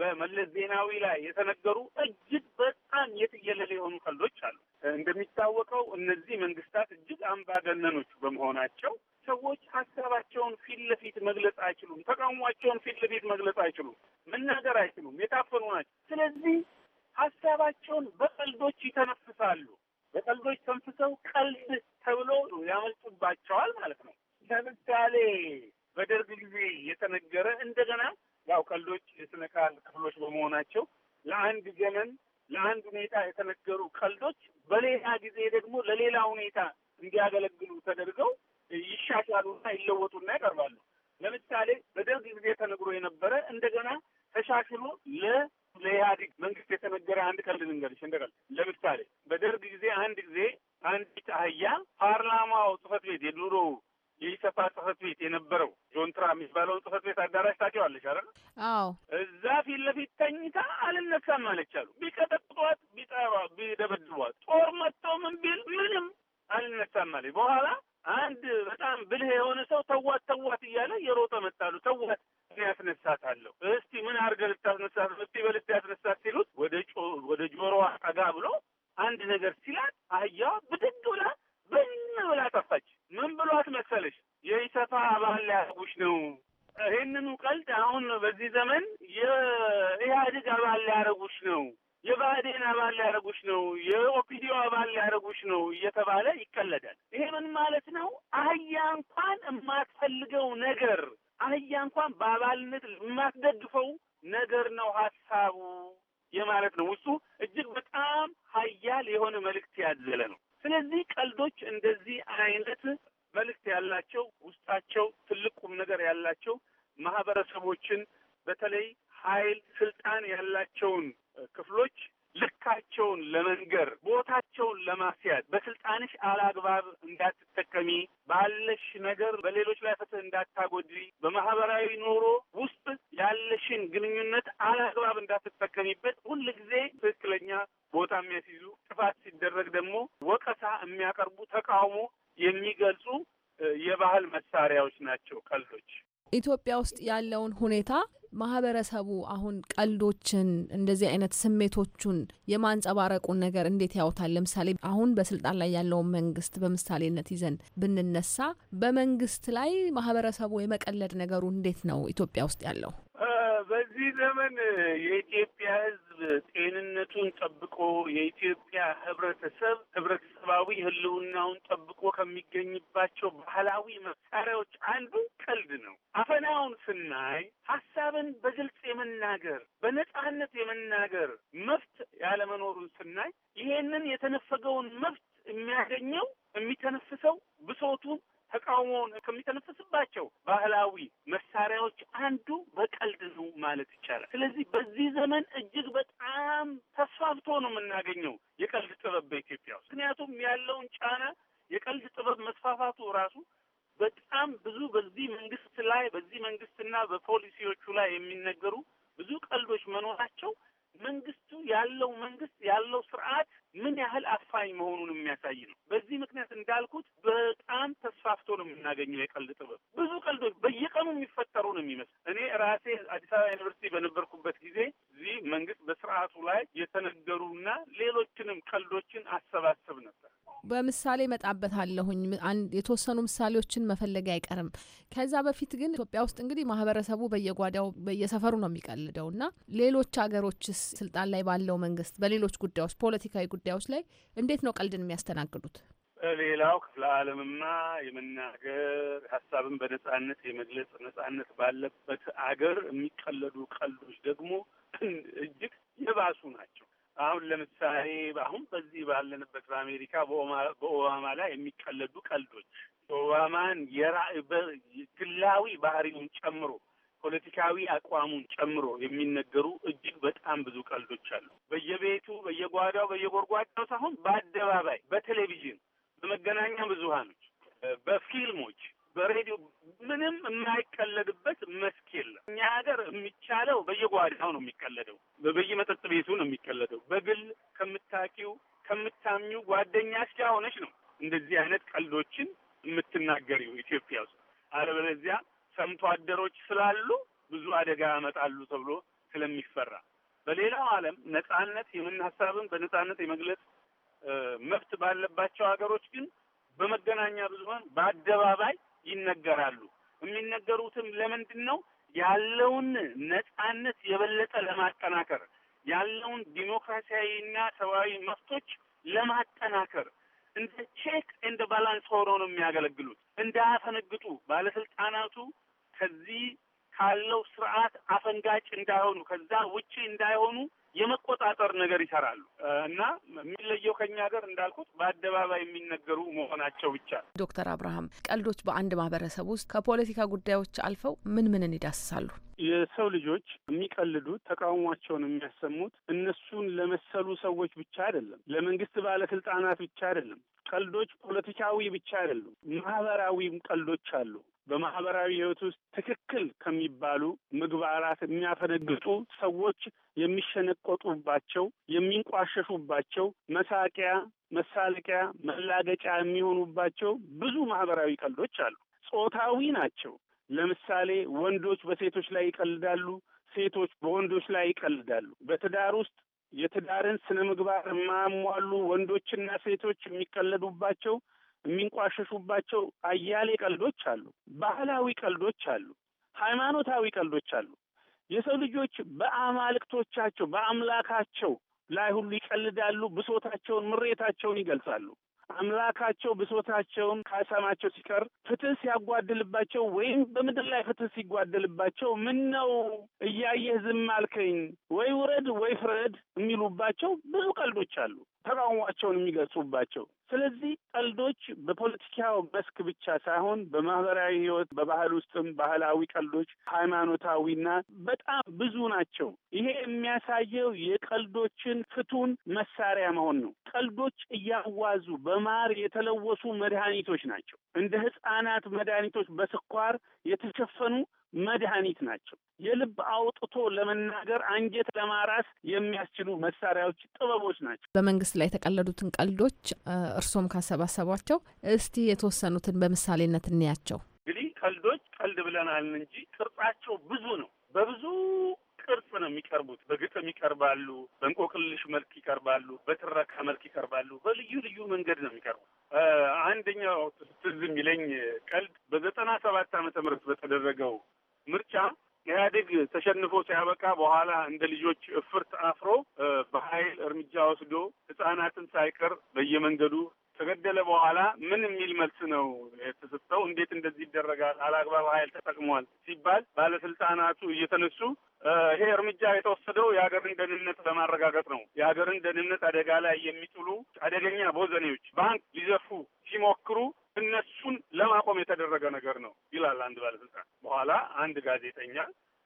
በመለስ ዜናዊ ላይ የተነገሩ እጅግ በጣም የትየለለ የሆኑ ቀልዶች አሉ። እንደሚታወቀው እነዚህ መንግስታት እጅግ አምባገነኖች በመሆናቸው ሰዎች ሀሳባቸውን ፊት ለፊት መግለጽ አይችሉም። ተቃውሟቸውን ፊት ለፊት መግለጽ አይችሉም። መናገር አይችሉም። የታፈኑ ናቸው። ስለዚህ ሀሳባቸውን በቀልዶች ይተነፍሳሉ። በቀልዶች ተንፍሰው ቀልድ ተብሎ ያመልጡባቸዋል ማለት ነው። ለምሳሌ በደርግ ጊዜ የተነገረ እንደገና ያው ቀልዶች የስነካል ክፍሎች በመሆናቸው ለአንድ ዘመን ለአንድ ሁኔታ የተነገሩ ቀልዶች በሌላ ጊዜ ደግሞ ለሌላ ሁኔታ እንዲያገለግሉ ተደርገው ይሻሻሉና ይለወጡና ይቀርባሉ። ለምሳሌ በደርግ ጊዜ ተነግሮ የነበረ እንደገና ተሻሽሎ ለ ለኢህአዴግ መንግስት የተነገረ አንድ ቀልድ ልንገርሽ። እንደቀል ለምሳሌ በደርግ ጊዜ አንድ ጊዜ አንዲት አህያ ፓርላማው ጽህፈት ቤት የድሮ የኢሰፓ ጽህፈት ቤት የነበረው ጆንትራ የሚባለውን ጽህፈት ቤት አዳራሽ ታውቂዋለሽ አይደል? አዎ። እዛ ፊት ለፊት ተኝታ አልነሳም አለች አሉ። ቢቀጠቅጧት፣ ቢጠባ፣ ቢደበድቧት ጦር መጥተው ምን ቢል ምንም አልነሳም አለች። በኋላ አንድ በጣም ብልህ የሆነ ሰው ተዋት ተዋት እያለ የሮጠ መጣሉ ተዋት ያስነሳታለሁ እስቲ ምን አድርገህ ልታስነሳት እስቲ በልት ያስነሳት ሲሉት ወደ ወደ ጆሮዋ ጠጋ ብሎ አንድ ነገር ሲላት አህያዋ ብድግ ብላ ብን ብላ ጠፋች። ምን ብሏት መሰለሽ የኢሰፋ አባል ሊያደርጉሽ ነው። ይህንኑ ቀልድ አሁን በዚህ ዘመን የኢህአዴግ አባል ሊያደርጉሽ ነው፣ የባህዴን አባል ሊያደርጉሽ ነው፣ የኦፒዲዮ አባል ሊያደርጉሽ ነው እየተባለ ይቀለዳል። ይሄ ምን ማለት ነው? አህያ እንኳን የማትፈልገው ነገር አህያ እንኳን በአባልነት የማትደግፈው ነገር ነው ሀሳቡ የማለት ነው። እሱ እጅግ በጣም ሀያል የሆነ መልእክት ያዘለ ነው። ስለዚህ ቀልዶች እንደዚህ አይነት መልእክት ያላቸው ውስጣቸው ትልቅ ቁም ነገር ያላቸው ማህበረሰቦችን በተለይ ኃይል ስልጣን ያላቸውን ክፍሎች ልካቸውን ለመንገር ቦታ እሳቸውን ለማስያዝ በስልጣንሽ አላግባብ እንዳትጠቀሚ፣ ባለሽ ነገር በሌሎች ላይ ፍትህ እንዳታጎድሪ፣ በማህበራዊ ኑሮ ውስጥ ያለሽን ግንኙነት አላግባብ እንዳትጠቀሚበት ሁልጊዜ ትክክለኛ ቦታ የሚያስይዙ ጥፋት ሲደረግ ደግሞ ወቀሳ የሚያቀርቡ ተቃውሞ የሚገልጹ የባህል መሳሪያዎች ናቸው ቀልዶች። ኢትዮጵያ ውስጥ ያለውን ሁኔታ ማህበረሰቡ አሁን ቀልዶችን እንደዚህ አይነት ስሜቶቹን የማንጸባረቁን ነገር እንዴት ያውታል? ለምሳሌ አሁን በስልጣን ላይ ያለውን መንግስት በምሳሌነት ይዘን ብንነሳ በመንግስት ላይ ማህበረሰቡ የመቀለድ ነገሩ እንዴት ነው ኢትዮጵያ ውስጥ ያለው? በዚህ ዘመን የኢትዮጵያ ህዝብ ጤንነቱን ጠብቆ የኢትዮጵያ ህብረተሰብ ህብረተሰባዊ ህልውናውን ጠብቆ ከሚገኝባቸው ባህላዊ መሳሪያዎች አንዱ ቀልድ ነው። አፈናውን ስናይ ሀሳብን በግልጽ የመናገር በነጻነት የመናገር መብት ያለመኖሩን ስናይ ይሄንን የተነፈገውን መብት የሚያገኘው የሚተነፍሰው ብሶቱን ተቃውሞውን ከሚተነፍስባቸው ባህላዊ መሳሪያዎች አንዱ በቀልድ ነው ማለት ይቻላል። ስለዚህ በዚህ ዘመን እጅግ በጣም ተስፋፍቶ ነው የምናገኘው የቀልድ ጥበብ በኢትዮጵያ ውስጥ። ምክንያቱም ያለውን ጫና የቀልድ ጥበብ መስፋፋቱ ራሱ በጣም ብዙ በዚህ መንግስት ላይ በዚህ መንግስትና በፖሊሲዎቹ ላይ የሚነገሩ ብዙ ቀልዶች መኖራቸው መንግስቱ ያለው መንግስት ያለው ስርዓት ምን ያህል አፋኝ መሆኑን የሚያሳይ ነው። በዚህ ምክንያት እንዳልኩት በጣም ተስፋፍቶ ነው የምናገኘው የቀልድ ጥበብ። ብዙ ቀልዶች በየቀኑ የሚፈጠሩ ነው የሚመስል። እኔ ራሴ አዲስ አበባ ዩኒቨርሲቲ በነበርኩበት ጊዜ እዚህ መንግስት በስርዓቱ ላይ የተነገሩና ሌሎችንም ቀልዶችን አሰባስብ ነበር። በምሳሌ አለሁኝ አንድ የተወሰኑ ምሳሌዎችን መፈለግ አይቀርም። ከዛ በፊት ግን ኢትዮጵያ ውስጥ እንግዲህ ማህበረሰቡ በየጓዳው በየሰፈሩ ነው የሚቀልደው እና ሌሎች ሀገሮችስ ስልጣን ላይ ባለው መንግስት በሌሎች ጉዳዮች ፖለቲካዊ ጉዳዮች ላይ እንዴት ነው ቀልድን የሚያስተናግዱት? ሌላው ክፍለ ዓለምማ የመናገር ሀሳብን በነጻነት የመግለጽ ነጻነት ባለበት አገር የሚቀለዱ ቀልዶች ደግሞ እጅግ የባሱ ናቸው። አሁን ለምሳሌ አሁን በዚህ ባለንበት በአሜሪካ በኦባማ ላይ የሚቀለዱ ቀልዶች ኦባማን የራ ግላዊ ባህሪውን ጨምሮ ፖለቲካዊ አቋሙን ጨምሮ የሚነገሩ እጅግ በጣም ብዙ ቀልዶች አሉ። በየቤቱ፣ በየጓዳው፣ በየጎርጓዳው ሳይሆን በአደባባይ፣ በቴሌቪዥን፣ በመገናኛ ብዙሃኖች፣ በፊልሞች፣ በሬዲዮ ምንም የማይቀለድበት መስክ የለም። እኛ ሀገር የሚቻለው በየጓዳው ነው የሚቀለደው፣ በየመጠጥ ቤቱ ነው የሚቀለደው። በግል ከምታኪው ከምታምኙ ጓደኛ ጋር ሆነች ነው እንደዚህ አይነት ቀልዶችን የምትናገሪው ኢትዮጵያ ውስጥ አለበለዚያ ሰምቶ አደሮች ስላሉ ብዙ አደጋ ያመጣሉ ተብሎ ስለሚፈራ በሌላው ዓለም ነጻነት የምን ሀሳብን በነጻነት የመግለጽ መብት ባለባቸው ሀገሮች ግን በመገናኛ ብዙኃን በአደባባይ ይነገራሉ። የሚነገሩትም ለምንድን ነው? ያለውን ነጻነት የበለጠ ለማጠናከር ያለውን ዲሞክራሲያዊና ሰብአዊ መብቶች ለማጠናከር እንደ ቼክ እንደ ባላንስ ሆኖ ነው የሚያገለግሉት። እንዳያፈነግጡ ባለስልጣናቱ ከዚህ ካለው ስርዓት አፈንጋጭ እንዳይሆኑ ከዛ ውጪ እንዳይሆኑ የመቆጣጠር ነገር ይሰራሉ እና የሚለየው ከኛ ሀገር እንዳልኩት በአደባባይ የሚነገሩ መሆናቸው ብቻ። ዶክተር አብርሃም ቀልዶች በአንድ ማህበረሰብ ውስጥ ከፖለቲካ ጉዳዮች አልፈው ምን ምንን ይዳስሳሉ? የሰው ልጆች የሚቀልዱት ተቃውሟቸውን የሚያሰሙት እነሱን ለመሰሉ ሰዎች ብቻ አይደለም፣ ለመንግስት ባለስልጣናት ብቻ አይደለም። ቀልዶች ፖለቲካዊ ብቻ አይደሉም፣ ማህበራዊም ቀልዶች አሉ። በማህበራዊ ህይወት ውስጥ ትክክል ከሚባሉ ምግባራት የሚያፈነግጡ ሰዎች የሚሸነቆጡባቸው፣ የሚንቋሸሹባቸው፣ መሳቂያ፣ መሳለቂያ፣ መላገጫ የሚሆኑባቸው ብዙ ማህበራዊ ቀልዶች አሉ። ጾታዊ ናቸው። ለምሳሌ ወንዶች በሴቶች ላይ ይቀልዳሉ፣ ሴቶች በወንዶች ላይ ይቀልዳሉ። በትዳር ውስጥ የትዳርን ስነ ምግባር የማያሟሉ ወንዶችና ሴቶች የሚቀለዱባቸው የሚንቋሸሹባቸው አያሌ ቀልዶች አሉ። ባህላዊ ቀልዶች አሉ። ሃይማኖታዊ ቀልዶች አሉ። የሰው ልጆች በአማልክቶቻቸው በአምላካቸው ላይ ሁሉ ይቀልዳሉ። ብሶታቸውን፣ ምሬታቸውን ይገልጻሉ። አምላካቸው ብሶታቸውን ካሰማቸው ሲቀር ፍትህ ሲያጓድልባቸው ወይም በምድር ላይ ፍትህ ሲጓደልባቸው ምን ነው እያየህ ዝም አልከኝ ወይ ውረድ ወይ ፍረድ የሚሉባቸው ብዙ ቀልዶች አሉ። ተቃውሟቸውን የሚገልጹባቸው ስለዚህ ቀልዶች በፖለቲካው መስክ ብቻ ሳይሆን በማህበራዊ ህይወት፣ በባህል ውስጥም ባህላዊ ቀልዶች፣ ሃይማኖታዊና በጣም ብዙ ናቸው። ይሄ የሚያሳየው የቀልዶችን ፍቱን መሳሪያ መሆን ነው። ቀልዶች እያዋዙ በማር የተለወሱ መድኃኒቶች ናቸው። እንደ ህጻናት መድኃኒቶች በስኳር የተሸፈኑ መድኃኒት ናቸው። የልብ አውጥቶ ለመናገር አንጀት ለማራስ የሚያስችሉ መሳሪያዎች፣ ጥበቦች ናቸው። በመንግስት ላይ የተቀለዱትን ቀልዶች እርሶም ካሰባሰቧቸው እስቲ የተወሰኑትን በምሳሌነት እንያቸው። እንግዲህ ቀልዶች ቀልድ ብለናል እንጂ ቅርጻቸው ብዙ ነው። በብዙ ቅርጽ ነው የሚቀርቡት። በግጥም ይቀርባሉ፣ በእንቆቅልሽ መልክ ይቀርባሉ፣ በትረካ መልክ ይቀርባሉ። በልዩ ልዩ መንገድ ነው የሚቀርቡት። አንደኛው ትዝ የሚለኝ ቀልድ በዘጠና ሰባት ዓመተ ምህረት በተደረገው ምርጫ ኢህአዴግ ተሸንፎ ሲያበቃ በኋላ እንደ ልጆች እፍርት አፍሮ በኃይል እርምጃ ወስዶ ህጻናትን ሳይቀር በየመንገዱ ከገደለ በኋላ ምን የሚል መልስ ነው የተሰጠው? እንዴት እንደዚህ ይደረጋል? አላግባብ ኃይል ተጠቅሟል ሲባል ባለስልጣናቱ እየተነሱ ይሄ እርምጃ የተወሰደው የሀገርን ደህንነት ለማረጋገጥ ነው። የሀገርን ደህንነት አደጋ ላይ የሚጥሉ አደገኛ ቦዘኔዎች ባንክ ሊዘርፉ ሲሞክሩ እነሱን ለማቆም የተደረገ ነገር ነው ይላል አንድ ባለስልጣን። በኋላ አንድ ጋዜጠኛ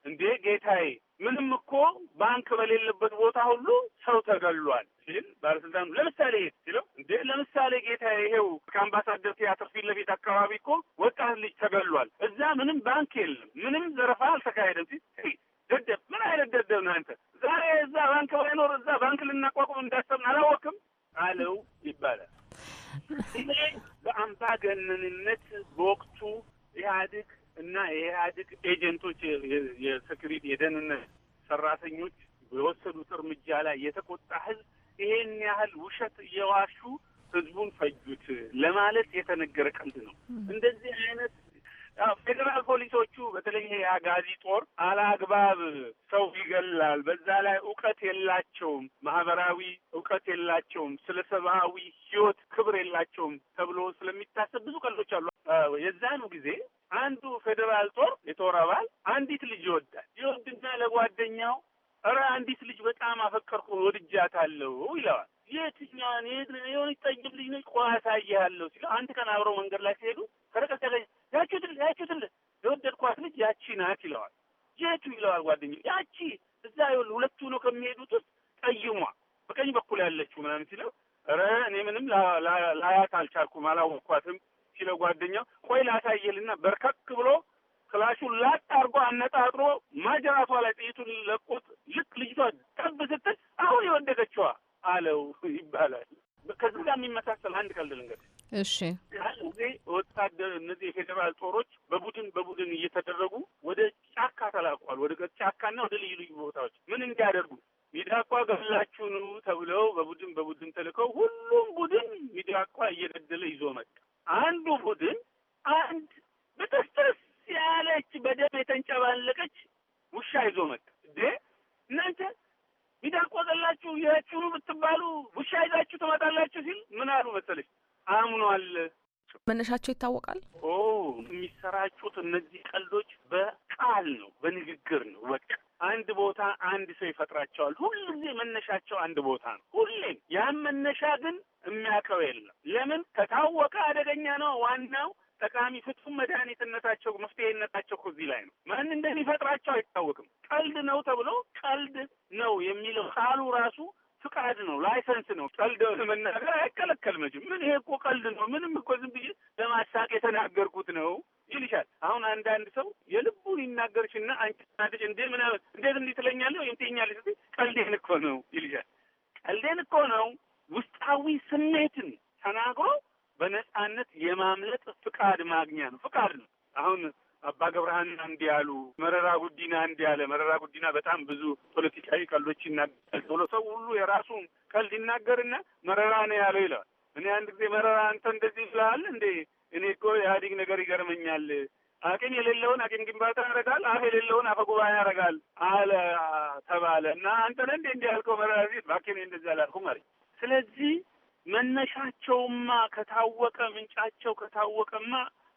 እንዴ ጌታዬ፣ ምንም እኮ ባንክ በሌለበት ቦታ ሁሉ ሰው ተገሏል ሲል ባለስልጣኑ ለምሳሌ ይሄ ሲለው፣ እንዴ ለምሳሌ ጌታዬ፣ ይሄው ከአምባሳደር ቲያትር ፊት ለፊት አካባቢ እኮ ወጣት ልጅ ተገሏል፣ እዛ ምንም ባንክ የለም፣ ምንም ዘረፋ አልተካሄደም ሲል ደደብ፣ ምን አይነት ደደብ ነው አንተ? ዛሬ እዛ ባንክ ባይኖር እዛ ባንክ ልናቋቁም እንዳሰብን አላወቅም አለው ይባላል። በአምባገነንነት በወቅቱ ኢህአዴግ እና የኢህአዴግ ኤጀንቶች የሴኩሪቲ የደህንነት ሰራተኞች በወሰዱት እርምጃ ላይ የተቆጣ ህዝብ ይሄን ያህል ውሸት እየዋሹ ህዝቡን ፈጁት ለማለት የተነገረ ቀልድ ነው። እንደዚህ አይነት ፌዴራል ፖሊሶቹ በተለይ ይሄ አጋዚ ጦር አላግባብ ሰው ይገላል። በዛ ላይ እውቀት የላቸውም፣ ማህበራዊ እውቀት የላቸውም፣ ስለ ሰብአዊ ህይወት ክብር የላቸውም ተብሎ ስለሚታሰብ ብዙ ቀልዶች አሉ። የዛኑ ጊዜ አንዱ ፌዴራል ጦር የጦር አባል አንዲት ልጅ ይወዳል። ይወድና ለጓደኛው እረ አንዲት ልጅ በጣም አፈቀርኩ ወድጃታለሁ ይለዋል። የትኛዋን የሆነች ጠይም ልጅ ነች፣ ቆይ አሳይሃለሁ ሲለው አንድ ቀን አብረው መንገድ ላይ ሲሄዱ ከረቀት ያቺ ድል ያቺ ድል የወደድኳት ልጅ ያቺ ናት ይለዋል። የቱ ይለዋል ጓደኛው። ያቺ እዛ ይሁን ሁለቱ ነው ከሚሄዱት ውስጥ ቀይሟ በቀኝ በኩል ያለችው ምናምን ሲለው ኧረ እኔ ምንም ላያት አልቻልኩም አላወቅኳትም ሲለው ጓደኛው ቆይ ላሳየልና በርከክ ብሎ ክላሹን ላጥ አርጎ አነጣጥሮ ማጀራቷ ላይ ጥይቱን ለቁት ልክ ልጅቷ ጠብ ስትል አሁን የወደደችዋ አለው ይባላል። ከዚህ ጋር የሚመሳሰል አንድ ቀልድ ልንገርህ። እሺ ወታደር እነዚህ የፌዴራል ጦሮች በቡድን በቡድን እየተደረጉ ወደ ጫካ ተላቋል። ወደ ጫካና ወደ ልዩ ልዩ ቦታዎች ምን እንዲያደርጉ ሚዳቋ ገላችሁ ኑ ተብለው በቡድን በቡድን ተልከው ሁሉም ቡድን ሚዳቋ እየገደለ ይዞ መጣ። አንዱ ቡድን አንድ በተስተስ ያለች በደም የተንጨባለቀች ውሻ ይዞ መጣ። እንዴ እናንተ ሚዳቋ ገላችሁ ይሄችሁ ብትባሉ ውሻ ይዛችሁ ትመጣላችሁ ሲል ምን አሉ መሰለች አምኗል። መነሻቸው ይታወቃል። ኦ የሚሰራጩት እነዚህ ቀልዶች በቃል ነው፣ በንግግር ነው። በቃ አንድ ቦታ አንድ ሰው ይፈጥራቸዋል። ሁሉ ጊዜ መነሻቸው አንድ ቦታ ነው ሁሌም። ያን መነሻ ግን የሚያውቀው የለም። ለምን ከታወቀ አደገኛ ነው። ዋናው ጠቃሚ ፍጹም መድኃኒትነታቸው መፍትሄነታቸው እኮ እዚህ ላይ ነው። ማን እንደሚፈጥራቸው አይታወቅም። ቀልድ ነው ተብሎ ቀልድ ነው የሚለው ቃሉ ራሱ ፍቃድ ነው፣ ላይሰንስ ነው። ቀልድ መናገር አይከለከልም። ምን ይሄ እኮ ቀልድ ነው፣ ምንም እኮ ዝም ብዬ ለማሳቅ የተናገርኩት ነው ይልሻል። አሁን አንዳንድ ሰው የልቡን ይናገርሽና አንቺ ናደሽ እንዴ ምናምን እንዴት እንዲህ ትለኛለሁ ወይም ስ ቀልዴን እኮ ነው ይልሻል። ቀልዴን እኮ ነው ውስጣዊ ስሜትን ተናግሮ በነጻነት የማምለጥ ፍቃድ ማግኛ ነው። ፍቃድ ነው አሁን አባ ገብረሃና እንዲህ ያሉ፣ መረራ ጉዲና እንዲህ ያለ። መረራ ጉዲና በጣም ብዙ ፖለቲካዊ ቀልዶች ይናገራል ብሎ ሰው ሁሉ የራሱን ቀልድ ይናገርና መረራ ነው ያለው ይለዋል። እኔ አንድ ጊዜ መረራ አንተ እንደዚህ ብለሃል እንዴ? እኔ እኮ ኢህአዴግ ነገር ይገርመኛል። አቅም የሌለውን አቅም ግንባታ ያደርጋል፣ አፍ የሌለውን አፈ ጉባኤ ያደርጋል አለ ተባለ እና አንተ ነህ እንዴ እንዲህ ያልከው መረራ? ዚ ባኬ ነው እንደዚህ አላልኩም አለኝ። ስለዚህ መነሻቸውማ ከታወቀ ምንጫቸው ከታወቀማ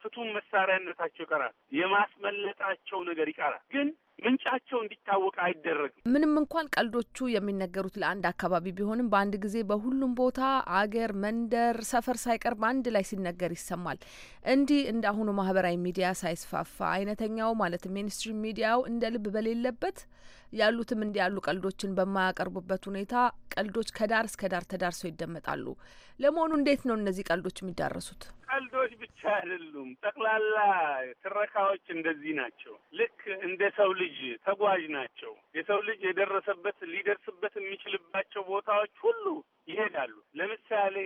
ፍቱን መሳሪያነታቸው ይቀራል። የማስመለጣቸው ነገር ይቀራል ግን ምንጫቸው እንዲታወቅ አይደረግም። ምንም እንኳን ቀልዶቹ የሚነገሩት ለአንድ አካባቢ ቢሆንም በአንድ ጊዜ በሁሉም ቦታ አገር፣ መንደር፣ ሰፈር ሳይቀር በአንድ ላይ ሲነገር ይሰማል። እንዲህ እንደ አሁኑ ማህበራዊ ሚዲያ ሳይስፋፋ አይነተኛው ማለት ሜንስትሪም ሚዲያው እንደ ልብ በሌለበት ያሉትም እንዲህ ያሉ ቀልዶችን በማያቀርቡበት ሁኔታ ቀልዶች ከዳር እስከ ዳር ተዳርሰው ይደመጣሉ። ለመሆኑ እንዴት ነው እነዚህ ቀልዶች የሚዳረሱት? ቀልዶች ብቻ አይደሉም፣ ጠቅላላ ትረካዎች እንደዚህ ናቸው። ልክ እንደ ሰው ልጅ ተጓዥ ናቸው። የሰው ልጅ የደረሰበት ሊደርስበት የሚችልባቸው ቦታዎች ሁሉ ይሄዳሉ። ለምሳሌ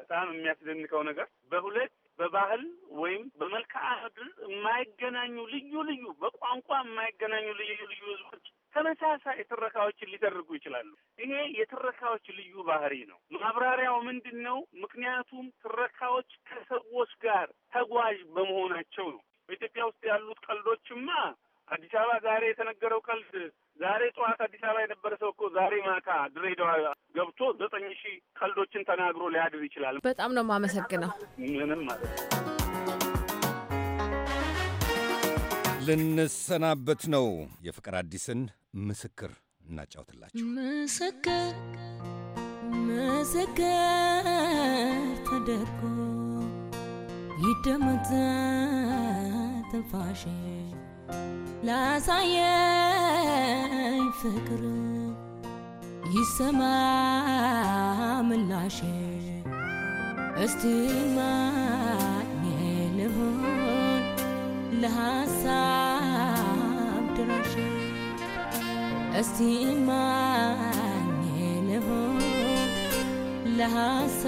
በጣም የሚያስደንቀው ነገር በሁለት በባህል ወይም በመልክዓ ምድር የማይገናኙ ልዩ ልዩ በቋንቋ የማይገናኙ ልዩ ልዩ ህዝቦች ተመሳሳይ ትረካዎችን ሊደርጉ ይችላሉ። ይሄ የትረካዎች ልዩ ባህሪ ነው። ማብራሪያው ምንድን ነው? ምክንያቱም ትረካዎች ከሰዎች ጋር ተጓዥ በመሆናቸው ነው። በኢትዮጵያ ውስጥ ያሉት ቀልዶችማ አዲስ አበባ ዛሬ የተነገረው ቀልድ ዛሬ ጠዋት አዲስ አበባ የነበረ ሰው እኮ ዛሬ ማታ ድሬዳዋ ገብቶ ዘጠኝ ሺህ ቀልዶችን ተናግሮ ሊያድር ይችላል። በጣም ነው የማመሰግነው። ምንም ማለት ነው። ልንሰናበት ነው። የፍቅር አዲስን ምስክር እናጫውትላችሁ። ምስክር ምስክር ተደርጎ ይደመጥ ትንፋሽ ላሳየኝ ፍቅር ይሰማ ምላሽ እስቲማ ለሀሳብ ድረሻ እስቲ ማን ልሆን ለሀሳብ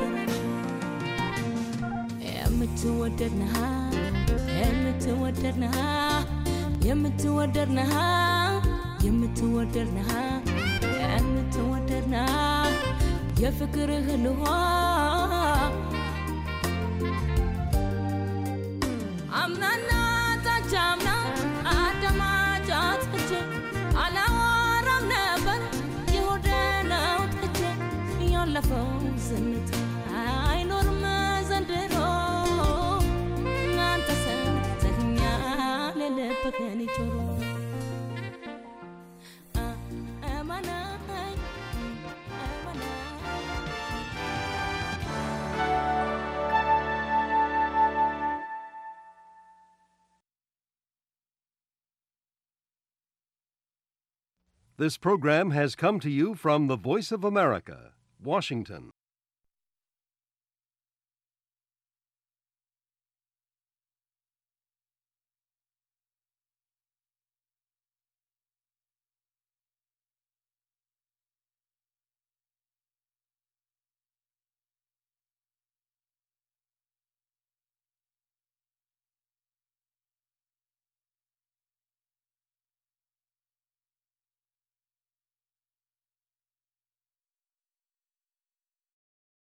ድረሻ የምትወደድ ነሃ የምትወደድ ነሃ የምትወደድ ነሃ የምትወደድ ነሃ የምትወደድ ነሃ የፍቅርህ ልሆን አይኖርም ዘንድሮ ለለበከን ጆሮ This program has come to you from the Voice of America, Washington.